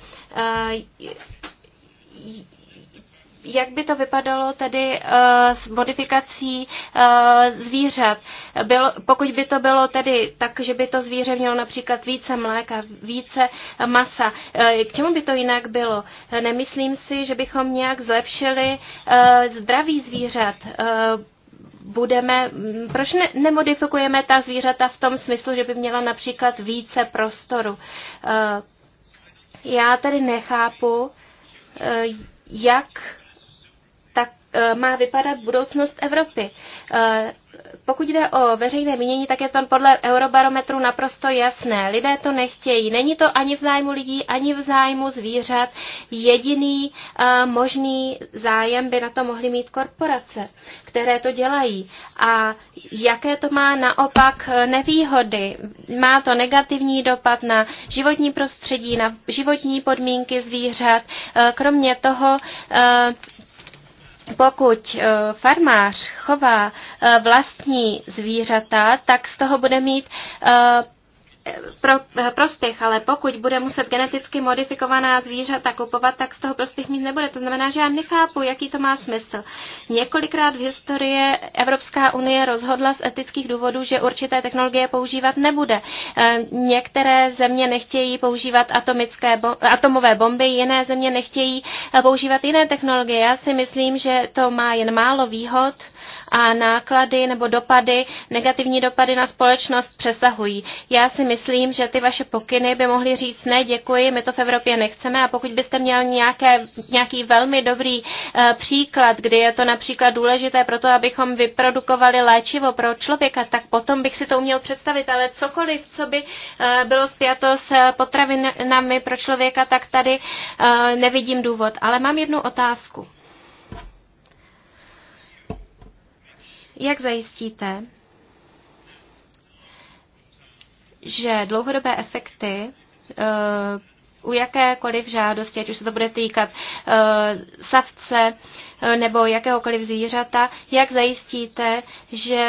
jak by to vypadalo tedy eh, s modifikací eh, zvířat? Byl, pokud by to bylo tedy tak, že by to zvíře mělo například více mléka, více masa, eh, k čemu by to jinak bylo? Nemyslím si, že bychom nějak zlepšili zdraví zvířat budeme, hm, proč ne, nemodifikujeme ta zvířata v tom smyslu, že by měla například více prostoru. Já tedy nechápu, jak E, má vypadat budoucnost Evropy. E, pokud jde o veřejné mínění, tak je to podle eurobarometru naprosto jasné. Lidé to nechtějí. Není to ani v zájmu lidí, ani v zájmu zvířat. Jediný e, možný zájem by na to mohly mít korporace, které to dělají. A jaké to má naopak nevýhody? Má to negativní dopad na životní prostředí, na životní podmínky zvířat. Kromě toho pokud eh, farmář chová eh, vlastní zvířata, tak z toho bude mít eh, pro, eh, prospěch, ale pokud bude muset geneticky modifikovaná zvířata kupovat, tak z toho prospěch mít nebude. To znamená, že já nechápu, jaký to má smysl. Několikrát v historii Evropská unie rozhodla z etických důvodů, že určité technologie používat nebude. Eh, některé země nechtějí používat atomické, atomové bomby, jiné země nechtějí eh, používat jiné technologie. Já si myslím, že to má jen málo výhod a náklady nebo dopady, negativní dopady na společnost přesahují. Já si myslím, myslím, že ty vaše pokyny by mohly říct ne, děkuji, my to v Evropě nechceme a pokud byste měl nějaké, nějaký velmi dobrý eh, příklad, kdy je to například důležité pro to, abychom vyprodukovali léčivo pro člověka, tak potom bych si to uměl představit, ale cokoliv, co by eh, bylo spjato s potravinami pro člověka, tak tady eh, nevidím důvod. Ale mám jednu otázku. Jak zajistíte, že dlouhodobé efekty eh, u jakékoliv žádosti, ať už se to bude týkat eh, savce eh, nebo jakéhokoliv zvířata, jak zajistíte, že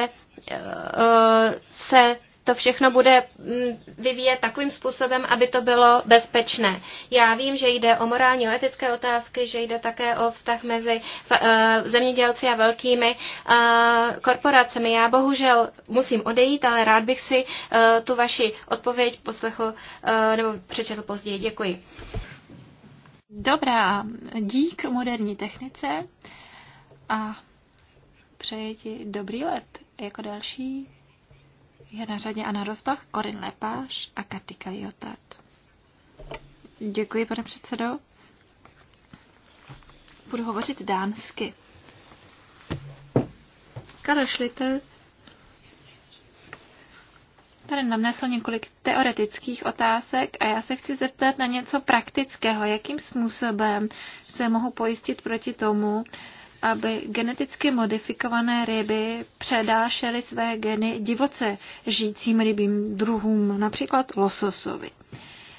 se to všechno bude mm, vyvíjet takovým způsobem, aby to bylo bezpečné. Já vím, že jde o morální o etické otázky, že jde také o vztah mezi eh, zemědělci a velkými eh, korporacemi. Já bohužel musím odejít, ale rád bych si eh, tu vaši odpověď poslechl nebo přečetl později. Děkuji. Dobrá, dík moderní technice a přeji ti dobrý let jako další je na řadě Anna Rozbach, Korin Lepáš a Katika Jotard. Děkuji, pane předsedo. Budu hovořit dánsky. Karl Schlitter tady nadnesl několik teoretických otázek a já se chci zeptat na něco praktického. Jakým způsobem se mohu pojistit proti tomu, aby geneticky modifikované ryby předášely své geny divoce žijícím rybím druhům, například lososovi.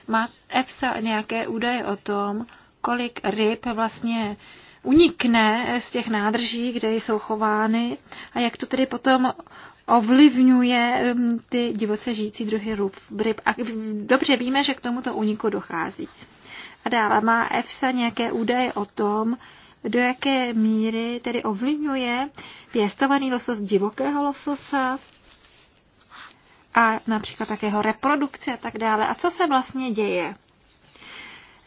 Má EFSA nějaké údaje o tom, kolik ryb vlastně unikne z těch nádrží, kde jsou chovány a jak to tedy potom ovlivňuje mm, ty divoce žijící druhy ryb. A dobře víme, že k tomuto uniku dochází. A dále má EFSA nějaké údaje o tom, do jaké míry tedy ovlivňuje pěstovaný losos divokého lososa a například také jeho reprodukce a tak dále. A co se vlastně děje?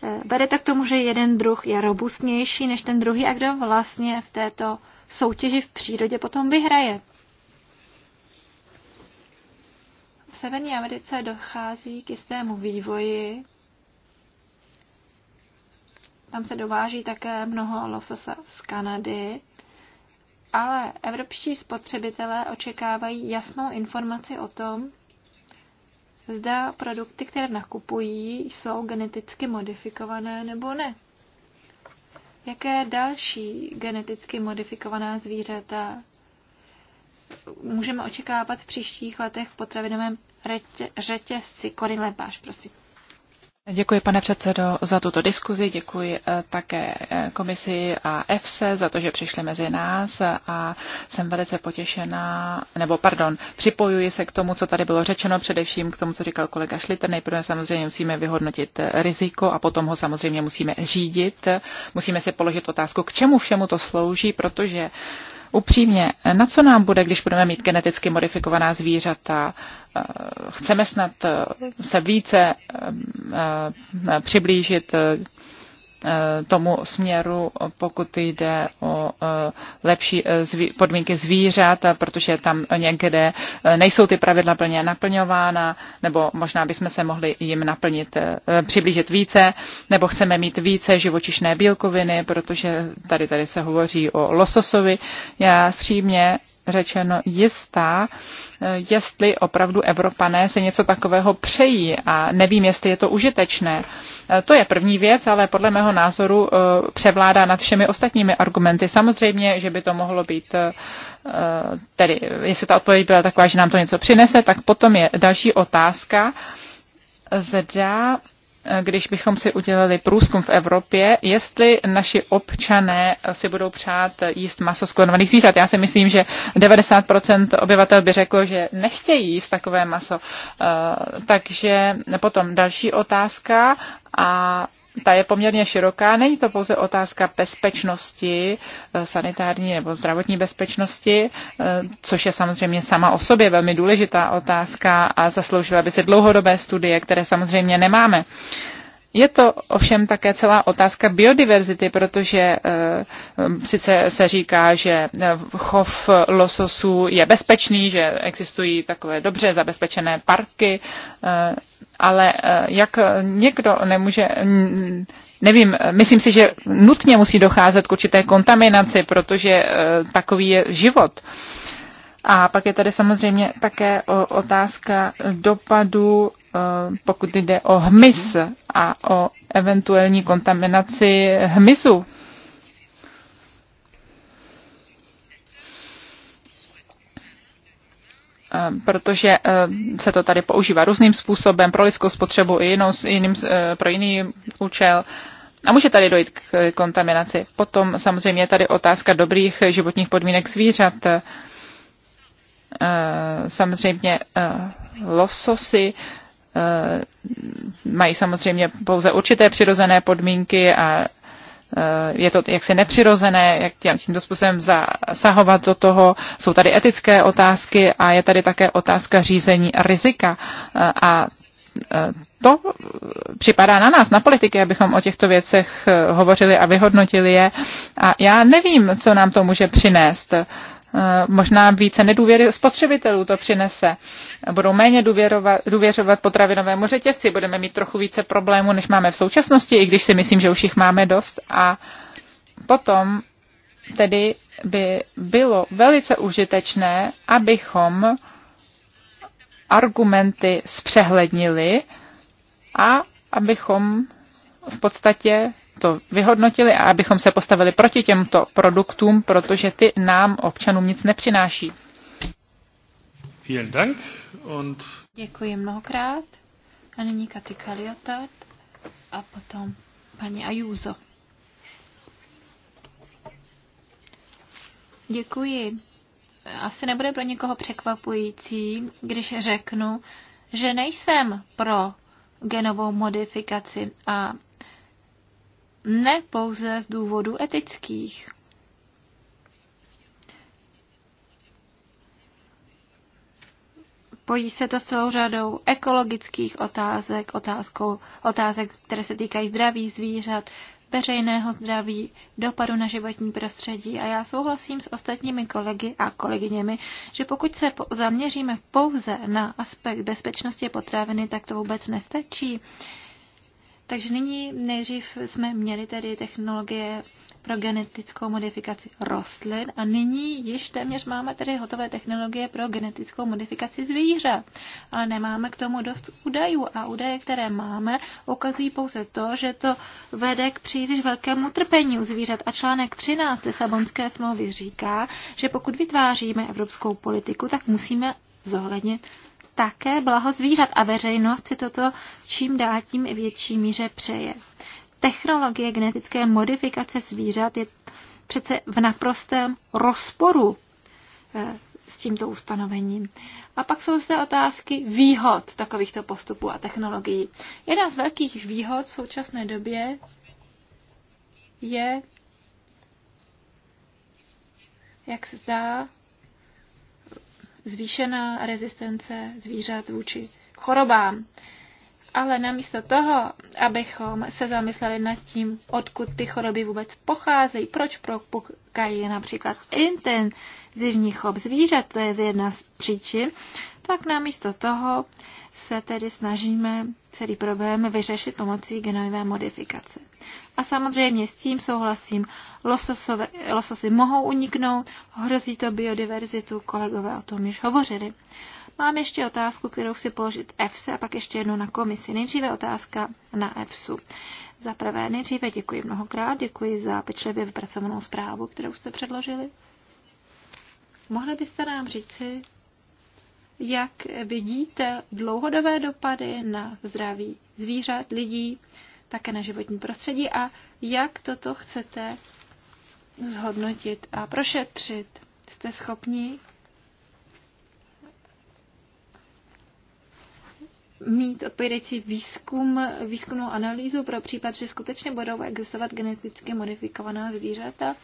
Eh, vede to k tomu, že jeden druh je robustnější než ten druhý a kdo vlastně v této soutěži v přírodě potom vyhraje. V Severní Americe dochází k jistému vývoji, tam se dováží také mnoho lososa z Kanady, ale evropští spotřebitelé očekávají jasnou informaci o tom, zda produkty, které nakupují, jsou geneticky modifikované nebo ne. Jaké další geneticky modifikovaná zvířata můžeme očekávat v příštích letech v potravinovém řetězci? Korin Lepáš, prosím. Děkuji, pane předsedo, za tuto diskuzi. Děkuji eh, také eh, komisi a EFSE za to, že přišli mezi nás a jsem velice potěšená, nebo pardon, připojuji se k tomu, co tady bylo řečeno, především k tomu, co říkal kolega Šliter. Nejprve samozřejmě musíme vyhodnotit eh, riziko a potom ho samozřejmě musíme řídit. Musíme si položit otázku, k čemu všemu to slouží, protože upřímně, na co nám bude, když budeme mít geneticky modifikovaná zvířata? Eh, chceme snad eh, se více eh, přiblížit Eh, tomu směru, pokud jde o eh, lepší eh, podmínky zvířat, protože tam někde nejsou ty pravidla plně naplňována, nebo možná bychom se mohli jim naplnit, přiblížit více, nebo chceme mít více živočišné bílkoviny, protože tady, tady se hovoří o lososovi. Já střímně řečeno jistá, eh, jestli opravdu Evropané se něco takového přejí a nevím, jestli je to užitečné. Eh, to je první věc, ale podle mého názoru eh, převládá nad všemi ostatními argumenty. Samozřejmě, že by to mohlo být tedy, jestli ta odpověď byla taková, že nám to něco přinese, tak potom je další otázka, zda Eh, když bychom si udělali průzkum v Evropě, jestli naši občané si budou přát jíst maso sklonovaných zvířat. Já si myslím, že 90% obyvatel by řeklo, že nechtějí jíst takové maso. Eh, takže potom další otázka a ta je poměrně široká. Není to pouze otázka bezpečnosti, eh, sanitární nebo zdravotní bezpečnosti, eh, což je samozřejmě sama o sobě velmi důležitá otázka a zasloužila by se dlouhodobé studie, které samozřejmě nemáme. Je to ovšem také celá otázka biodiverzity, protože eh, sice se říká, že eh, chov lososů je bezpečný, že existují takové dobře zabezpečené parky, eh, ale jak někdo nemůže nevím, myslím si, že nutně musí docházet k určité kontaminaci, protože takový je život. A pak je tady samozřejmě také otázka dopadu Eh, pokud jde o hmyz a o eventuální kontaminaci hmyzu. Eh, protože eh, se to tady používá různým způsobem pro lidskou spotřebu i jinou, jiným, pro jiný účel. A může tady dojít k kontaminaci. Potom samozřejmě je tady otázka dobrých životních podmínek zvířat. Samozřejmě lososy Eh, mají samozřejmě pouze určité přirozené podmínky a eh, je to jaksi nepřirozené, jak tímto způsobem zasahovat do toho. Jsou tady etické otázky a je tady také otázka řízení rizika. Eh, a to připadá na nás, na politiky, abychom o těchto věcech hovořili a vyhodnotili je. A já nevím, co nám to může přinést. Eh, možná více nedůvěry spotřebitelů to přinese. Budou méně důvěrovat, důvěřovat potravinovému řetězci, budeme mít trochu více problémů, než máme v současnosti, i když si myslím, že už jich máme dost. A potom tedy by bylo velice užitečné, abychom argumenty zpřehlednili a abychom v podstatě to vyhodnotili a abychom se postavili proti těmto produktům, protože ty nám občanům nic nepřináší. Dank und Děkuji mnohokrát. A nyní Katy Kaliotat a potom paní Ajuzo. Děkuji. Asi nebude pro někoho překvapující, když řeknu, že nejsem pro genovou modifikaci a ne pouze z důvodů etických. Pojí se to s celou řadou ekologických otázek, otázkou, otázek, které se týkají zdraví zvířat, veřejného zdraví, dopadu na životní prostředí. A já souhlasím s ostatními kolegy a kolegyněmi, že pokud se zaměříme pouze na aspekt bezpečnosti potraviny, tak to vůbec nestačí. Uh, takže nyní nejdřív jsme měli tedy technologie pro genetickou modifikaci rostlin a nyní již téměř máme tedy hotové technologie pro genetickou modifikaci zvířat. Ale nemáme k tomu dost údajů a údaje, které máme, ukazují pouze to, že to vede k příliš velkému trpení u zvířat. A článek 13 Lisabonské smlouvy říká, že pokud vytváříme evropskou politiku, tak musíme zohlednit také blaho zvířat a veřejnost si toto čím dál tím větší míře přeje. Technologie genetické modifikace zvířat je přece v naprostém rozporu eh, s tímto ustanovením. A pak jsou zde otázky výhod takovýchto postupů a technologií. Jedna z velkých výhod v současné době je, jak se zdá, zvýšená rezistence zvířat vůči chorobám. Ale namísto toho, abychom se zamysleli nad tím, odkud ty choroby vůbec pocházejí, proč propukají například intenzivní chop zvířat, to je jedna z příčin, tak namísto toho se tedy snažíme celý problém vyřešit pomocí genové modifikace. A samozřejmě s tím souhlasím, lososové, lososy mohou uniknout, hrozí to biodiverzitu, kolegové o tom již hovořili. Mám ještě otázku, kterou chci položit EFSE a pak ještě jednu na komisi. Nejdříve otázka na EFSU. Za prvé, nejdříve děkuji mnohokrát, děkuji za pečlivě vypracovanou zprávu, kterou jste předložili. Mohli byste nám říci, jak vidíte dlouhodobé dopady na zdraví zvířat, lidí, také na životní prostředí a jak toto chcete zhodnotit a prošetřit. Jste schopni mít odpovědající výzkum, výzkumnou analýzu pro případ, že skutečně budou existovat geneticky modifikovaná zvířata,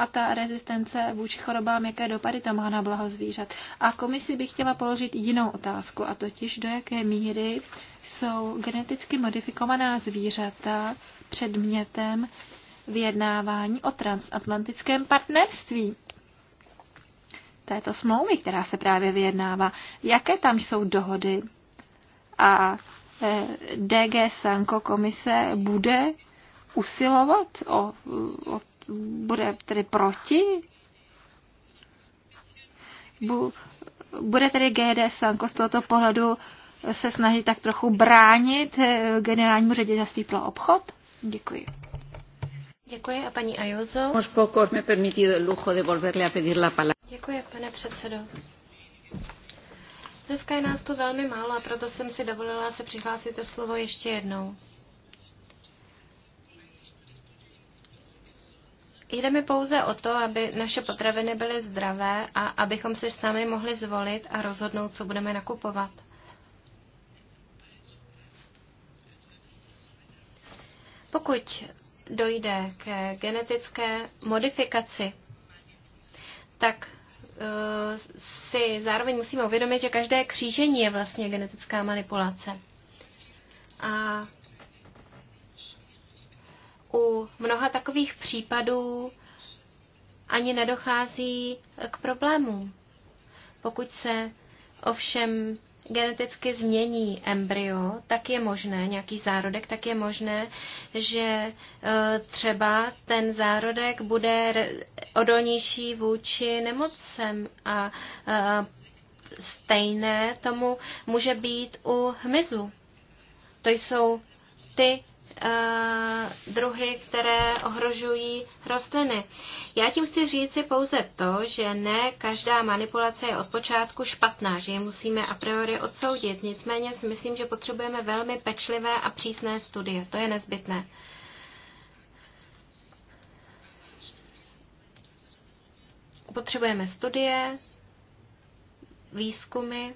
a ta rezistence vůči chorobám, jaké dopady to má na blaho zvířat. A komisi bych chtěla položit jinou otázku, a totiž do jaké míry jsou geneticky modifikovaná zvířata předmětem vyjednávání o transatlantickém partnerství této smlouvy, která se právě vyjednává. Jaké tam jsou dohody? A e, DG Sanko komise bude usilovat o, o bude tedy proti? Bu, bude tedy GD Sanko z tohoto pohledu se snažit tak trochu bránit eh, generálnímu ředitelství pro obchod? Děkuji. Děkuji a paní Ayuso. Děkuji, pane předsedo. Dneska je nás tu velmi málo a proto jsem si dovolila se přihlásit o slovo ještě jednou. Jde mi pouze o to, aby naše potraviny byly zdravé a abychom si sami mohli zvolit a rozhodnout, co budeme nakupovat. Pokud dojde k genetické modifikaci, tak eh, si zároveň musíme uvědomit, že každé křížení je vlastně genetická manipulace. A u mnoha takových případů ani nedochází k problémům. Pokud se ovšem geneticky změní embryo, tak je možné, nějaký zárodek, tak je možné, že e, třeba ten zárodek bude odolnější vůči nemocem a e, stejné tomu může být u hmyzu. To jsou ty Eh, druhy, které ohrožují rostliny. Já tím chci říci pouze to, že ne každá manipulace je od počátku špatná, že ji musíme a priori odsoudit. Nicméně si myslím, že potřebujeme velmi pečlivé a přísné studie. To je nezbytné. Potřebujeme studie, výzkumy,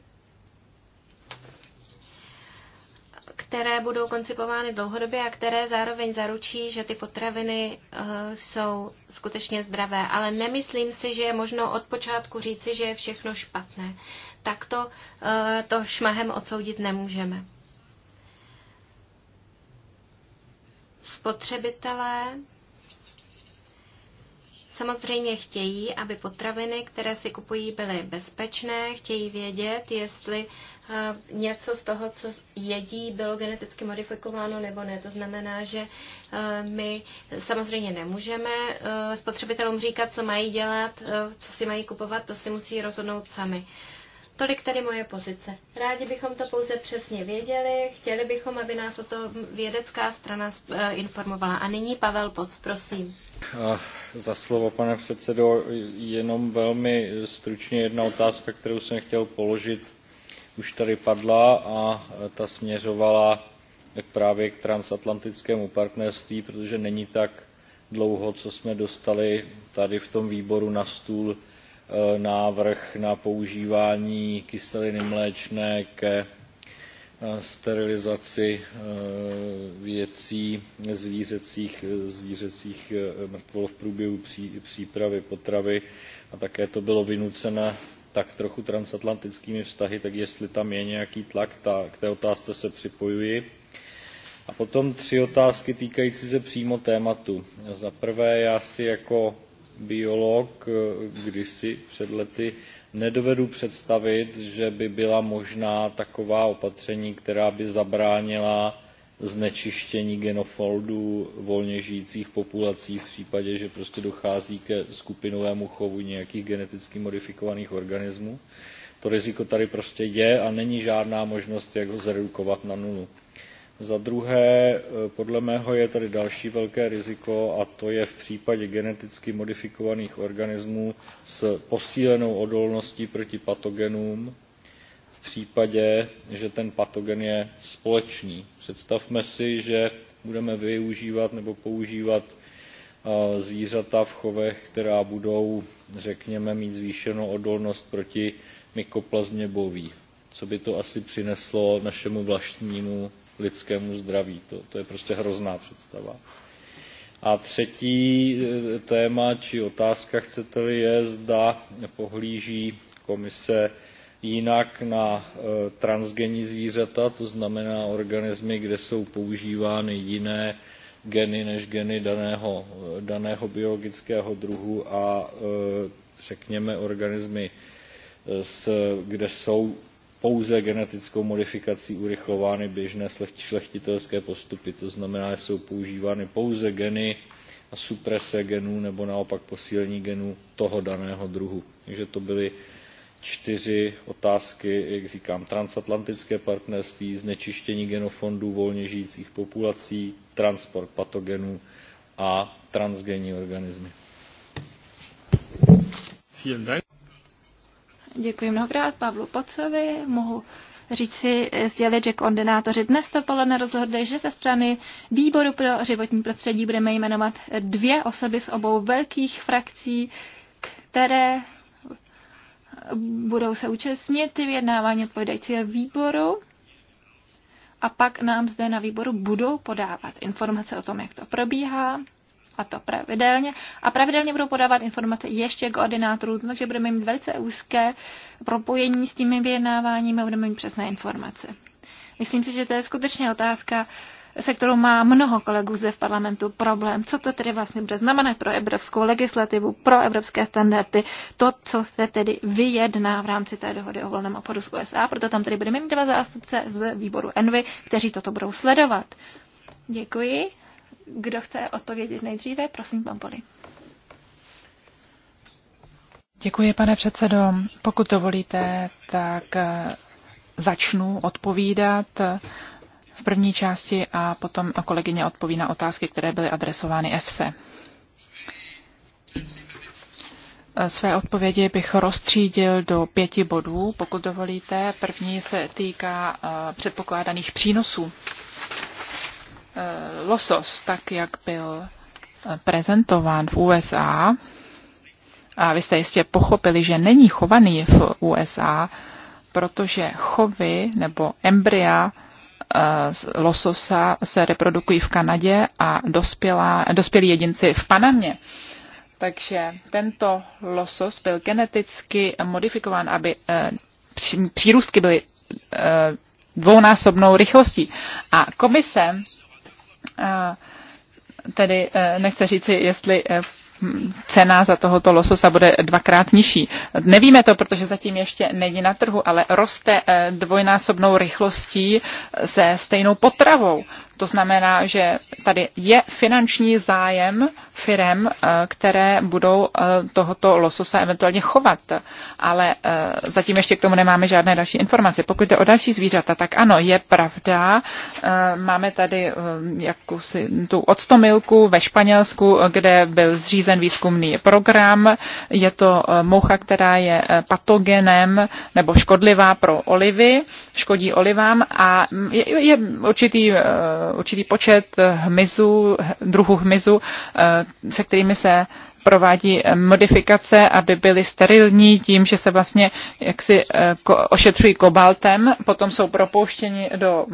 které budou koncipovány dlouhodobě a které zároveň zaručí, že ty potraviny eh, jsou skutečně zdravé. Ale nemyslím si, že je možno od počátku říci, že je všechno špatné. Tak to, eh, to šmahem odsoudit nemůžeme. Spotřebitelé Samozřejmě chtějí, aby potraviny, které si kupují, byly bezpečné, chtějí vědět, jestli něco z toho, co jedí, bylo geneticky modifikováno nebo ne. To znamená, že e, my samozřejmě nemůžeme e, spotřebitelům říkat, co mají dělat, e, co si mají kupovat, to si musí rozhodnout sami. Tolik tedy moje pozice. Rádi bychom to pouze přesně věděli, chtěli bychom, aby nás o to vědecká strana informovala. A nyní Pavel Poc, prosím. Za slovo, pane předsedo, jenom velmi stručně jedna otázka, kterou jsem chtěl položit už tady padla a e, ta směřovala právě k transatlantickému partnerství, protože není tak dlouho, co jsme dostali tady v tom výboru na stůl e, návrh na používání kyseliny mléčné ke e, sterilizaci věcí zvířecích, zvířecích mrtvol v průběhu přípravy potravy a také to bylo vynucené tak trochu transatlantickými vztahy, tak jestli tam je nějaký tlak, ta, k té otázce se připojuji. A potom tři otázky týkající se přímo tématu. Za prvé, já si jako biolog eh, kdysi před lety nedovedu představit, že by byla možná taková opatření, která by zabránila znečištění genofoldů volně žijících populací v případě, že prostě dochází ke skupinovému chovu nějakých geneticky modifikovaných organismů. To riziko tady prostě je a není žádná možnost, jak ho zredukovat na nulu. Za druhé, eh, podle mého je tady další velké riziko a to je v případě geneticky modifikovaných organismů s posílenou odolností proti patogenům, případě, že ten patogen je společný. Představme si, že budeme využívat nebo používat eh, zvířata v chovech, která budou, řekněme, mít zvýšenou odolnost proti mykoplazmě boví. Co by to asi přineslo našemu vlastnímu lidskému zdraví. To, to je prostě hrozná představa. A třetí eh, téma či otázka, chcete-li, je, zda pohlíží komise jinak na e, transgenní zvířata, to znamená organismy, kde jsou používány jiné geny než geny daného, e, daného biologického druhu a e, řekněme organismy, s, kde jsou pouze genetickou modifikací urychlovány běžné šlechtitelské postupy, to znamená, že jsou používány pouze geny a suprese genů nebo naopak posílení genů toho daného druhu. Takže to byly čtyři otázky, jak říkám, transatlantické partnerství, znečištění genofondů volně žijících populací, transport patogenů a transgenní organismy. Děkuji mnohokrát Pavlu Pocovi. Mohu říci, sdělit, že koordinátoři dnes poledne rozhodli, že ze strany Výboru pro životní prostředí budeme jmenovat dvě osoby z obou velkých frakcí, které budou se účastnit vyjednávání odpovědajícího výboru a pak nám zde na výboru budou podávat informace o tom, jak to probíhá, a to pravidelně. A pravidelně budou podávat informace ještě koordinátorů, takže budeme mít velice úzké propojení s těmi vyjednáváními a budeme mít přesné informace. Myslím si, že to je skutečně otázka se kterou má mnoho kolegů zde v parlamentu problém. Co to tedy vlastně bude znamenat pro evropskou legislativu, pro evropské standardy, to, co se tedy vyjedná v rámci té dohody o volném obchodu s USA. Proto tam tedy budeme mít dva zástupce z výboru Envy, kteří toto budou sledovat. Děkuji. Kdo chce odpovědět nejdříve, prosím, pan Poli. Děkuji, pane předsedo. Pokud dovolíte, tak eh, začnu odpovídat v první části a potom kolegyně odpoví na otázky, které byly adresovány EFSE. Své odpovědi bych rozstřídil do pěti bodů, pokud dovolíte. První se týká eh, předpokládaných přínosů. Eh, losos, tak jak byl eh, prezentován v USA, a vy jste jistě pochopili, že není chovaný v USA, protože chovy nebo embrya Eh, lososa se reprodukují v Kanadě a dospělá, dospělí jedinci v Panamě. Takže tento losos byl geneticky modifikován, aby eh, přírůstky byly eh, dvounásobnou rychlostí. A komise tedy nechce říci, jestli cena za tohoto lososa bude dvakrát nižší. Nevíme to, protože zatím ještě není na trhu, ale roste eh, dvojnásobnou rychlostí se stejnou potravou. To znamená, že tady je finanční zájem firem, eh, které budou eh, tohoto lososa eventuálně chovat, ale eh, zatím ještě k tomu nemáme žádné další informace. Pokud jde o další zvířata, tak ano, je pravda, máme tady jakousi tu odstomilku ve Španělsku, kde byl zřízen výzkumný program. Je to moucha, která je patogenem nebo škodlivá pro olivy, škodí olivám a je, je určitý určitý počet hmyzu, druhů hmyzu, eh, se kterými se provádí eh, modifikace, aby byly sterilní tím, že se vlastně jaksi eh, ošetřují kobaltem, potom jsou propouštěni do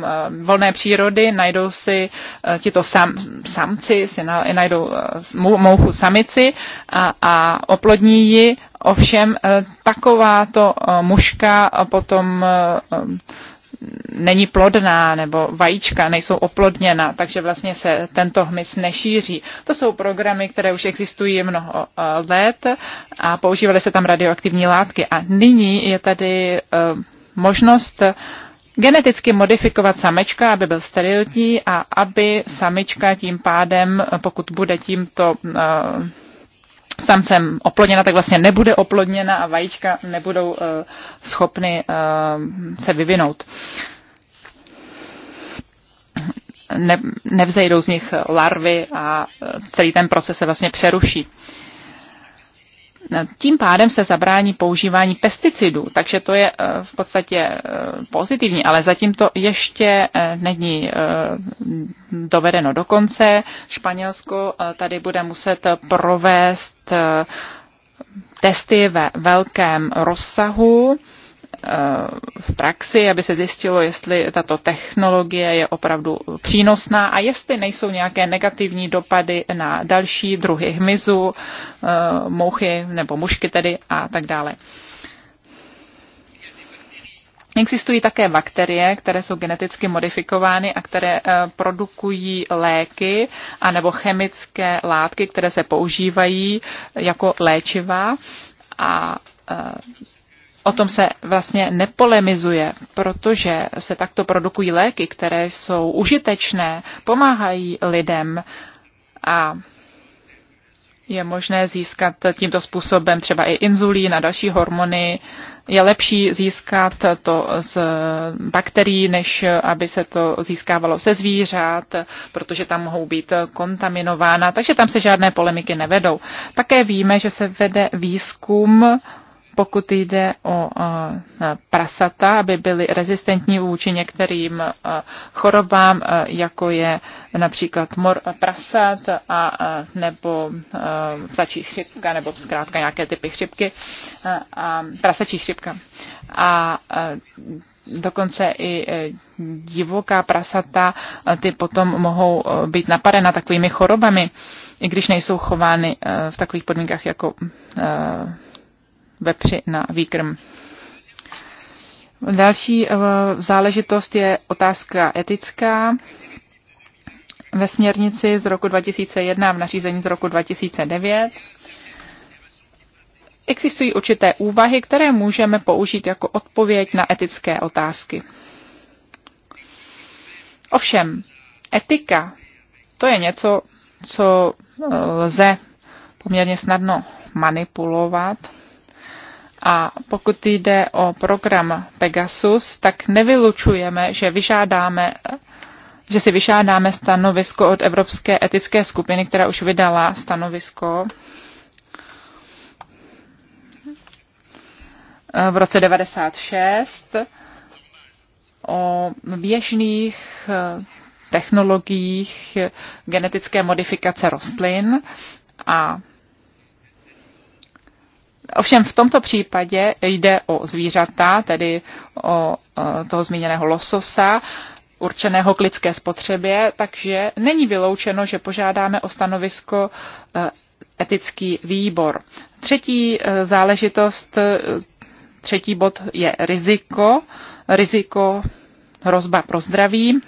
volné přírody, najdou si tito sam, samci, si najdou mouchu samici a, a oplodní ji, ovšem takováto muška potom není plodná nebo vajíčka nejsou oplodněna, takže vlastně se tento hmyz nešíří. To jsou programy, které už existují mnoho eh, let a používaly se tam radioaktivní látky. A nyní je tady eh, možnost geneticky modifikovat samečka, aby byl sterilní a aby samička tím pádem, eh, pokud bude tímto samcem oplodněna, tak vlastně nebude oplodněna a vajíčka nebudou eh, schopny eh, se vyvinout. Ne, nevzejdou z nich larvy a eh, celý ten proces se vlastně přeruší. Uh, tím pádem se zabrání používání pesticidů, takže to je eh, v podstatě eh, pozitivní, ale zatím to ještě eh, není dovedeno do konce. Španělsko tady bude muset provést testy ve velkém rozsahu Eh, v praxi, aby se zjistilo, jestli tato technologie je opravdu přínosná a jestli nejsou nějaké negativní dopady na další druhy hmyzu, eh, mouchy nebo mušky tedy a tak dále. Existují také bakterie, které jsou geneticky modifikovány a které eh, produkují léky anebo chemické látky, které se používají jako léčiva. A o tom se vlastně nepolemizuje, protože se takto produkují léky, které jsou užitečné, pomáhají lidem a je možné získat tímto způsobem třeba i inzulín a další hormony. Je lepší získat to z bakterií, než aby se to získávalo se zvířat, protože tam mohou být kontaminována, takže tam se žádné polemiky nevedou. Také víme, že se vede výzkum pokud jde o eh, prasata, aby byly rezistentní vůči některým eh, chorobám, eh, jako je například mor prasat a nebo ptačí chřipka, nebo zkrátka nějaké typy chřipky, a prasačí chřipka. A dokonce i divoká prasata, ty potom mohou být napadena takovými chorobami, i když nejsou chovány v takových podmínkách jako vepři na výkrm. Další eh, záležitost je otázka etická. Ve směrnici z roku 2001 a v nařízení z roku 2009 existují určité úvahy, které můžeme použít jako odpověď na etické otázky. Ovšem, etika to je něco, co eh, lze poměrně snadno manipulovat a pokud jde o program Pegasus, tak nevylučujeme, že vyžádáme že si vyžádáme stanovisko od Evropské etické skupiny, která už vydala stanovisko v roce 96 o běžných eh, technologiích genetické modifikace rostlin a Ovšem v tomto případě jde o zvířata, tedy o toho zmíněného lososa, určeného k lidské spotřebě, takže není vyloučeno, že požádáme o stanovisko e, etický výbor. Třetí e, záležitost, e, třetí bod je riziko, riziko hrozba pro zdraví.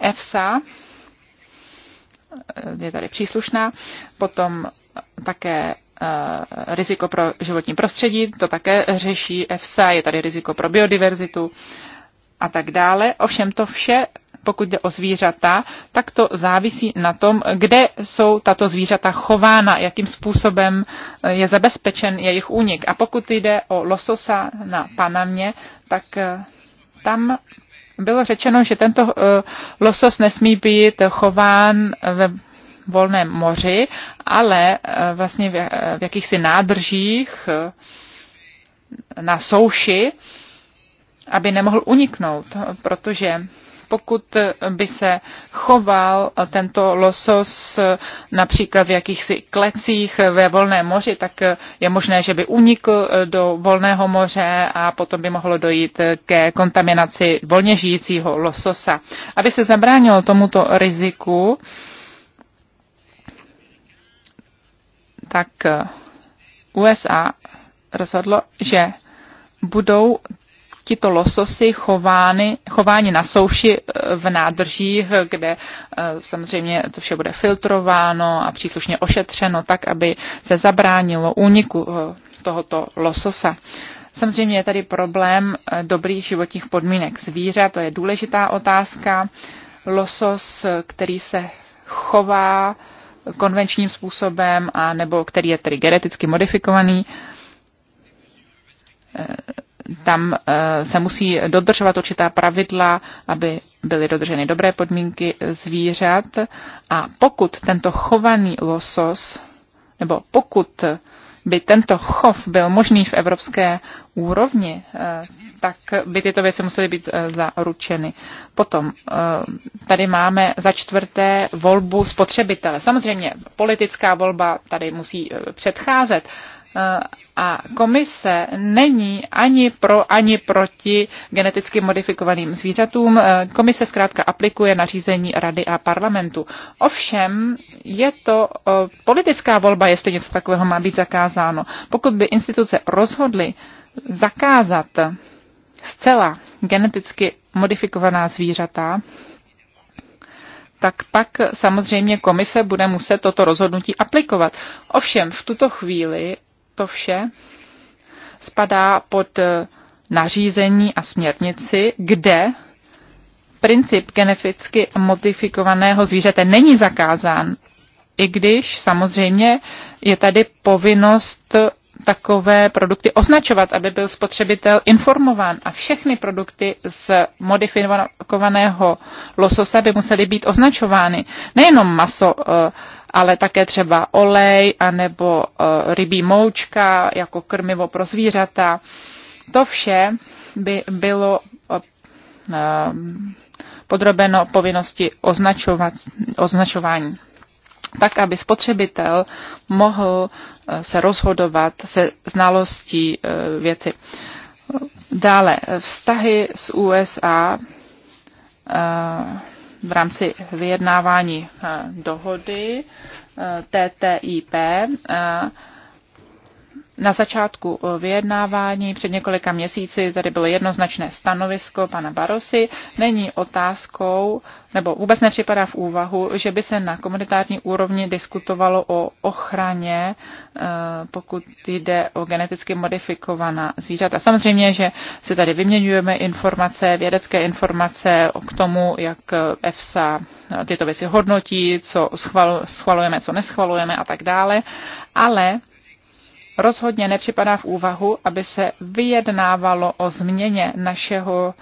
EFSA je tady příslušná, potom také Eh, riziko pro životní prostředí, to také řeší EFSA, je tady riziko pro biodiverzitu a tak dále. Ovšem to vše, pokud jde o zvířata, tak to závisí na tom, kde jsou tato zvířata chována, jakým způsobem eh, je zabezpečen jejich únik. A pokud jde o lososa na Panamě, tak eh, tam bylo řečeno, že tento losos nesmí být chován ve volném moři, ale eh, vlastně v jakýchsi nádržích eh, na souši, aby nemohl uniknout, protože pokud by se choval tento losos eh, například v jakýchsi klecích ve volném moři, tak je možné, že by unikl do volného moře a potom by mohlo dojít ke kontaminaci volně žijícího lososa. Aby se zabránilo tomuto riziku, tak eh, USA rozhodlo, že budou tito lososy chovány, chováni na souši eh, v nádržích, kde eh, samozřejmě to vše bude filtrováno a příslušně ošetřeno tak, aby se zabránilo úniku tohoto lososa. Samozřejmě je tady problém dobrých životních podmínek zvířat, to je důležitá otázka. Losos, který se chová, konvenčním způsobem, a nebo který je tedy geneticky modifikovaný, eh, tam eh, se musí dodržovat určitá pravidla, aby byly dodrženy dobré podmínky zvířat. A pokud tento chovaný losos, nebo pokud by tento chov byl možný v evropské úrovni, eh, tak by tyto věci musely být eh, zaručeny. Potom eh, tady máme za čtvrté volbu spotřebitele. Samozřejmě politická volba tady musí předcházet, Eh, a komise není ani pro, ani proti geneticky modifikovaným zvířatům. Eh, komise zkrátka aplikuje nařízení Rady a parlamentu. Ovšem je to eh, politická volba, jestli něco takového má být zakázáno. Pokud by instituce rozhodly zakázat zcela geneticky modifikovaná zvířata, tak pak samozřejmě komise bude muset toto rozhodnutí aplikovat. Ovšem v tuto chvíli to vše spadá pod eh, nařízení a směrnici, kde princip geneticky modifikovaného zvířete není zakázán, i když samozřejmě je tady povinnost takové produkty označovat, aby byl spotřebitel informován. A všechny produkty z modifikovaného lososa by musely být označovány. Nejenom maso eh, ale také třeba olej anebo eh, rybí moučka jako krmivo pro zvířata. To vše by bylo eh, podrobeno povinnosti označovat označování tak, aby spotřebitel mohl eh, se rozhodovat se znalostí věci. Dále, vztahy s USA v rámci vyjednávání eh, dohody eh, TTIP eh, na začátku eh, vyjednávání před několika měsíci tady bylo jednoznačné stanovisko pana Barosy. Není otázkou, nebo vůbec nepřipadá v úvahu, že by se na komunitární úrovni diskutovalo o ochraně, eh, pokud jde o geneticky modifikovaná zvířata. Samozřejmě, že se tady vyměňujeme informace, vědecké informace k tomu, jak EFSA eh, tyto věci hodnotí, co schvalujeme, co neschvalujeme a tak dále, ale rozhodně nepřipadá v úvahu, aby se vyjednávalo o změně našeho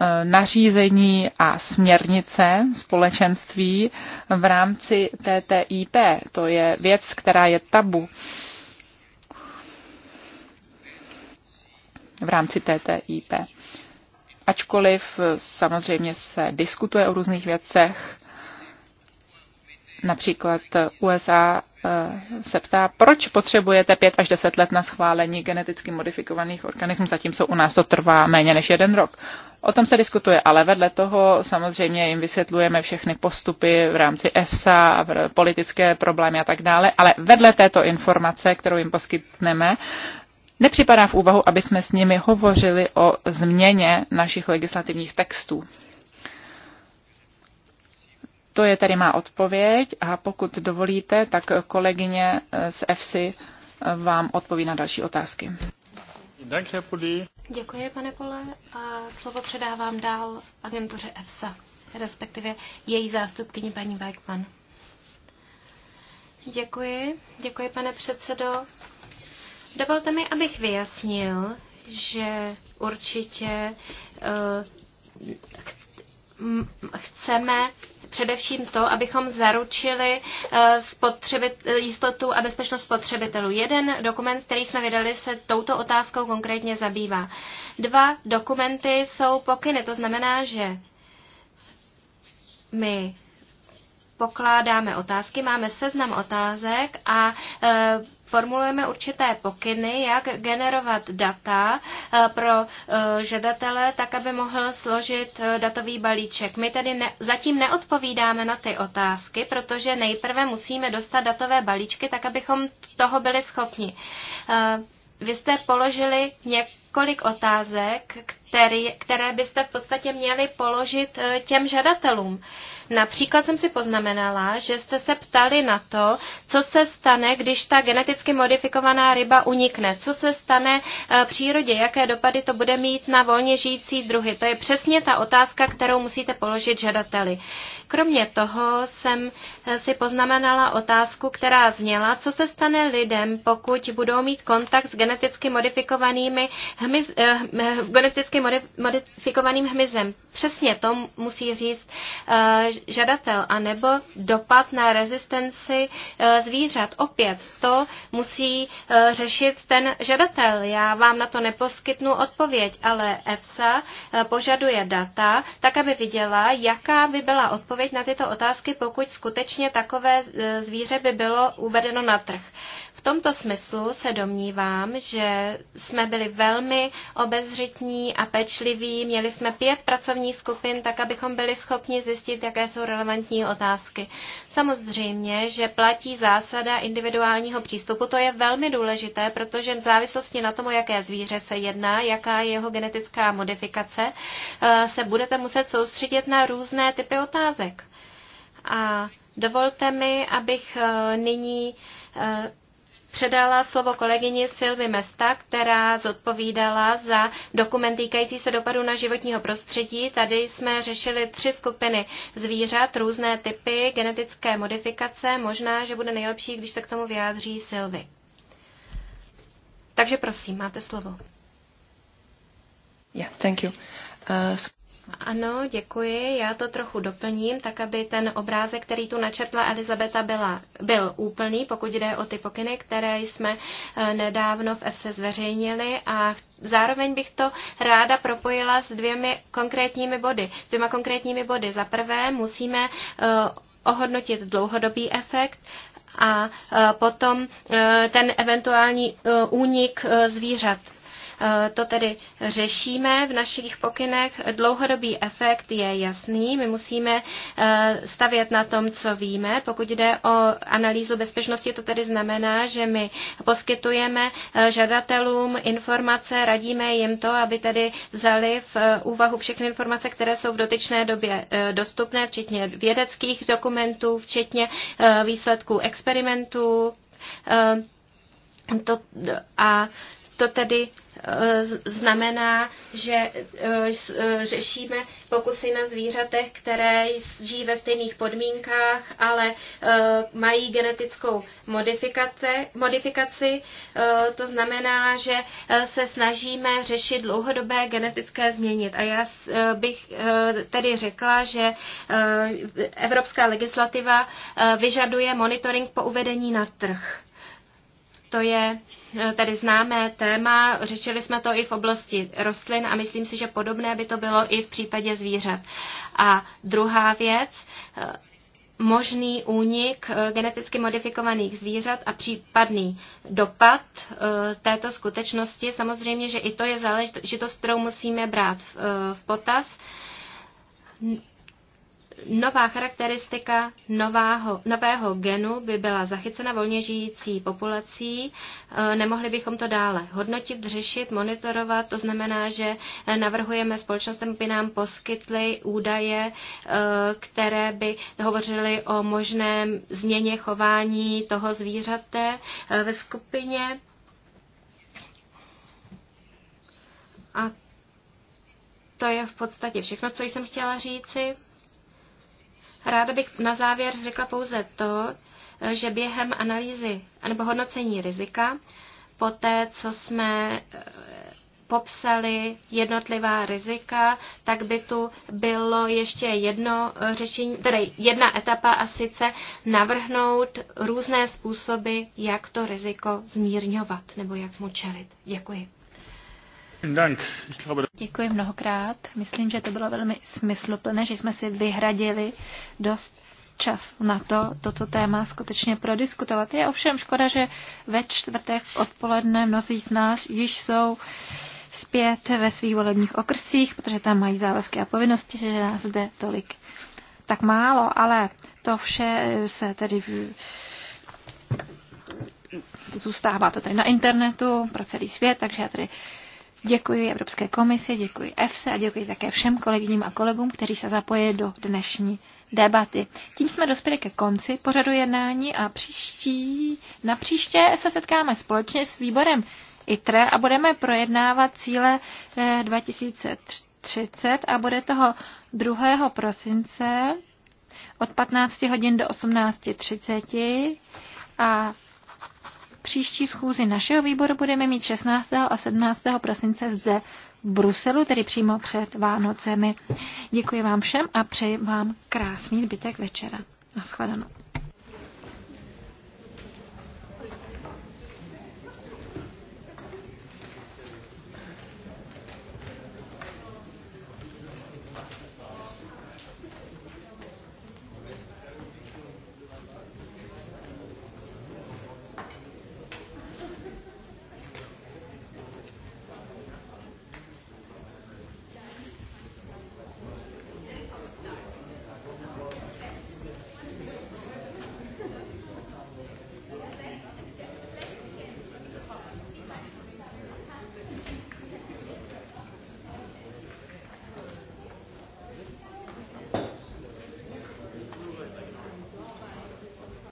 eh, nařízení a směrnice společenství v rámci TTIP. To je věc, která je tabu v rámci TTIP. Ačkoliv eh, samozřejmě se diskutuje o různých věcech, Například USA eh, se ptá, proč potřebujete pět až deset let na schválení geneticky modifikovaných organismů, zatímco u nás to trvá méně než jeden rok. O tom se diskutuje, ale vedle toho samozřejmě jim vysvětlujeme všechny postupy v rámci EFSA, politické problémy a tak dále, ale vedle této informace, kterou jim poskytneme, nepřipadá v úvahu, aby jsme s nimi hovořili o změně našich legislativních textů. To je tedy má odpověď a pokud dovolíte, tak kolegyně z EFSI vám odpoví na další otázky. Děkuji, pane Pole, a slovo předávám dál agentuře EFSA, respektive její zástupkyni paní Bergman. Děkuji, děkuji, pane předsedo. Dovolte mi, abych vyjasnil, že určitě uh, chceme především to, abychom zaručili eh, eh, jistotu a bezpečnost spotřebitelů. Jeden dokument, který jsme vydali, se touto otázkou konkrétně zabývá. Dva dokumenty jsou pokyny, to znamená, že my pokládáme otázky, máme seznam otázek a eh, formulujeme určité pokyny, jak generovat data eh, pro eh, žadatele, tak aby mohl složit eh, datový balíček. My tedy ne, zatím neodpovídáme na ty otázky, protože nejprve musíme dostat datové balíčky, tak abychom toho byli schopni. Vy jste položili něk- několik otázek, který, které byste v podstatě měli položit eh, těm žadatelům. Například jsem si poznamenala, že jste se ptali na to, co se stane, když ta geneticky modifikovaná ryba unikne, co se stane eh, přírodě, jaké dopady to bude mít na volně žijící druhy. To je přesně ta otázka, kterou musíte položit žadateli. Kromě toho jsem eh, si poznamenala otázku, která zněla, co se stane lidem, pokud budou mít kontakt s geneticky modifikovanými hmyz, eh, eh geneticky modifikovaným hmyzem. Přesně to musí říct eh, žadatel, anebo dopad na rezistenci eh, zvířat. Opět to musí eh, řešit ten žadatel. Já vám na to neposkytnu odpověď, ale EFSA eh, požaduje data, tak aby viděla, jaká by byla odpověď na tyto otázky, pokud skutečně takové eh, zvíře by bylo uvedeno na trh. Eh, tomto smyslu se domnívám, že jsme byli velmi obezřitní a pečliví. Měli jsme pět pracovních skupin, tak abychom byli schopni zjistit, jaké jsou relevantní otázky. Samozřejmě, že platí zásada individuálního přístupu. To je velmi důležité, protože v závislosti na tom, jaké zvíře se jedná, jaká je jeho genetická modifikace, eh, se budete muset soustředit na různé typy otázek. A dovolte mi, abych eh, nyní eh, předala slovo kolegyni Silvi Mesta, která zodpovídala za dokument týkající se dopadu na životního prostředí. Tady jsme řešili tři skupiny zvířat, různé typy, genetické modifikace. Možná, že bude nejlepší, když se k tomu vyjádří Silvi. Takže prosím, máte slovo. Yeah, thank you. Uh, ano, děkuji. Já to trochu doplním, tak aby ten obrázek, který tu načrtla Elizabeta, byla, byl úplný, pokud jde o ty pokyny, které jsme eh, nedávno v FC zveřejnili a zároveň bych to ráda propojila s dvěmi konkrétními body. S dvěma konkrétními body. Za prvé musíme eh, ohodnotit dlouhodobý efekt, a eh, potom ten eventuální únik zvířat. Eh, to tedy řešíme v našich pokynech. Dlouhodobý efekt je jasný. My musíme eh, stavět na tom, co víme. Pokud jde o analýzu bezpečnosti, to tedy znamená, že my poskytujeme eh, žadatelům informace, radíme jim to, aby tedy vzali v úvahu všechny informace, které jsou v dotyčné době dostupné, včetně vědeckých dokumentů, včetně výsledků experimentů. To, a to tedy Eh, znamená, že eh, eh, řešíme pokusy na zvířatech, které žijí ve stejných podmínkách, ale mají genetickou modifikaci. To znamená, že se snažíme řešit dlouhodobé genetické změnit. A já bych tedy řekla, že evropská legislativa vyžaduje monitoring po uvedení na trh. To je eh, tady známé téma, řečili jsme to i v oblasti rostlin a myslím si, že podobné by to bylo i v případě zvířat. A druhá věc, eh, možný únik eh, geneticky modifikovaných zvířat a případný dopad této skutečnosti. Samozřejmě, že i to je záležitost, kterou musíme brát v potaz nová charakteristika nového, nového genu by byla zachycena volně žijící populací. E, nemohli bychom to dále hodnotit, řešit, monitorovat. To znamená, že navrhujeme společnostem, aby nám poskytly údaje, e, které by hovořily o možném změně chování toho zvířate e, ve skupině. A to je v podstatě všechno, co jsem chtěla říci. Ráda bych na závěr řekla pouze to, že během analýzy nebo hodnocení rizika, po té, co jsme eh, popsali jednotlivá rizika, tak by tu bylo ještě jedno řešení, tedy jedna etapa a sice navrhnout různé způsoby, jak to riziko zmírňovat nebo jak mu čelit. Děkuji. Děkuji mnohokrát. Myslím, že to bylo velmi smysluplné, že jsme si vyhradili dost čas na to, toto téma skutečně prodiskutovat. Je ovšem škoda, že ve čtvrtek odpoledne mnozí z nás již jsou zpět ve svých volebních okrscích, protože tam mají závazky a povinnosti, že nás zde tolik tak málo, ale to vše se tedy zůstává to tady na internetu pro celý svět, takže já tady Děkuji Evropské komisi, děkuji EFSE a děkuji také všem kolegyním a kolegům, kteří se zapojili do dnešní debaty. Tím jsme dospěli ke konci pořadu jednání a příští, na příště se setkáme společně s výborem ITRE a budeme projednávat cíle 2030 eh, a bude toho 2. prosince od 15 hodin do 18.30 a příští schůzi našeho výboru budeme mít 16. a 17. prosince zde v Bruselu, tedy přímo před Vánocemi. Děkuji vám všem a přeji vám krásný zbytek večera. Naschledanou.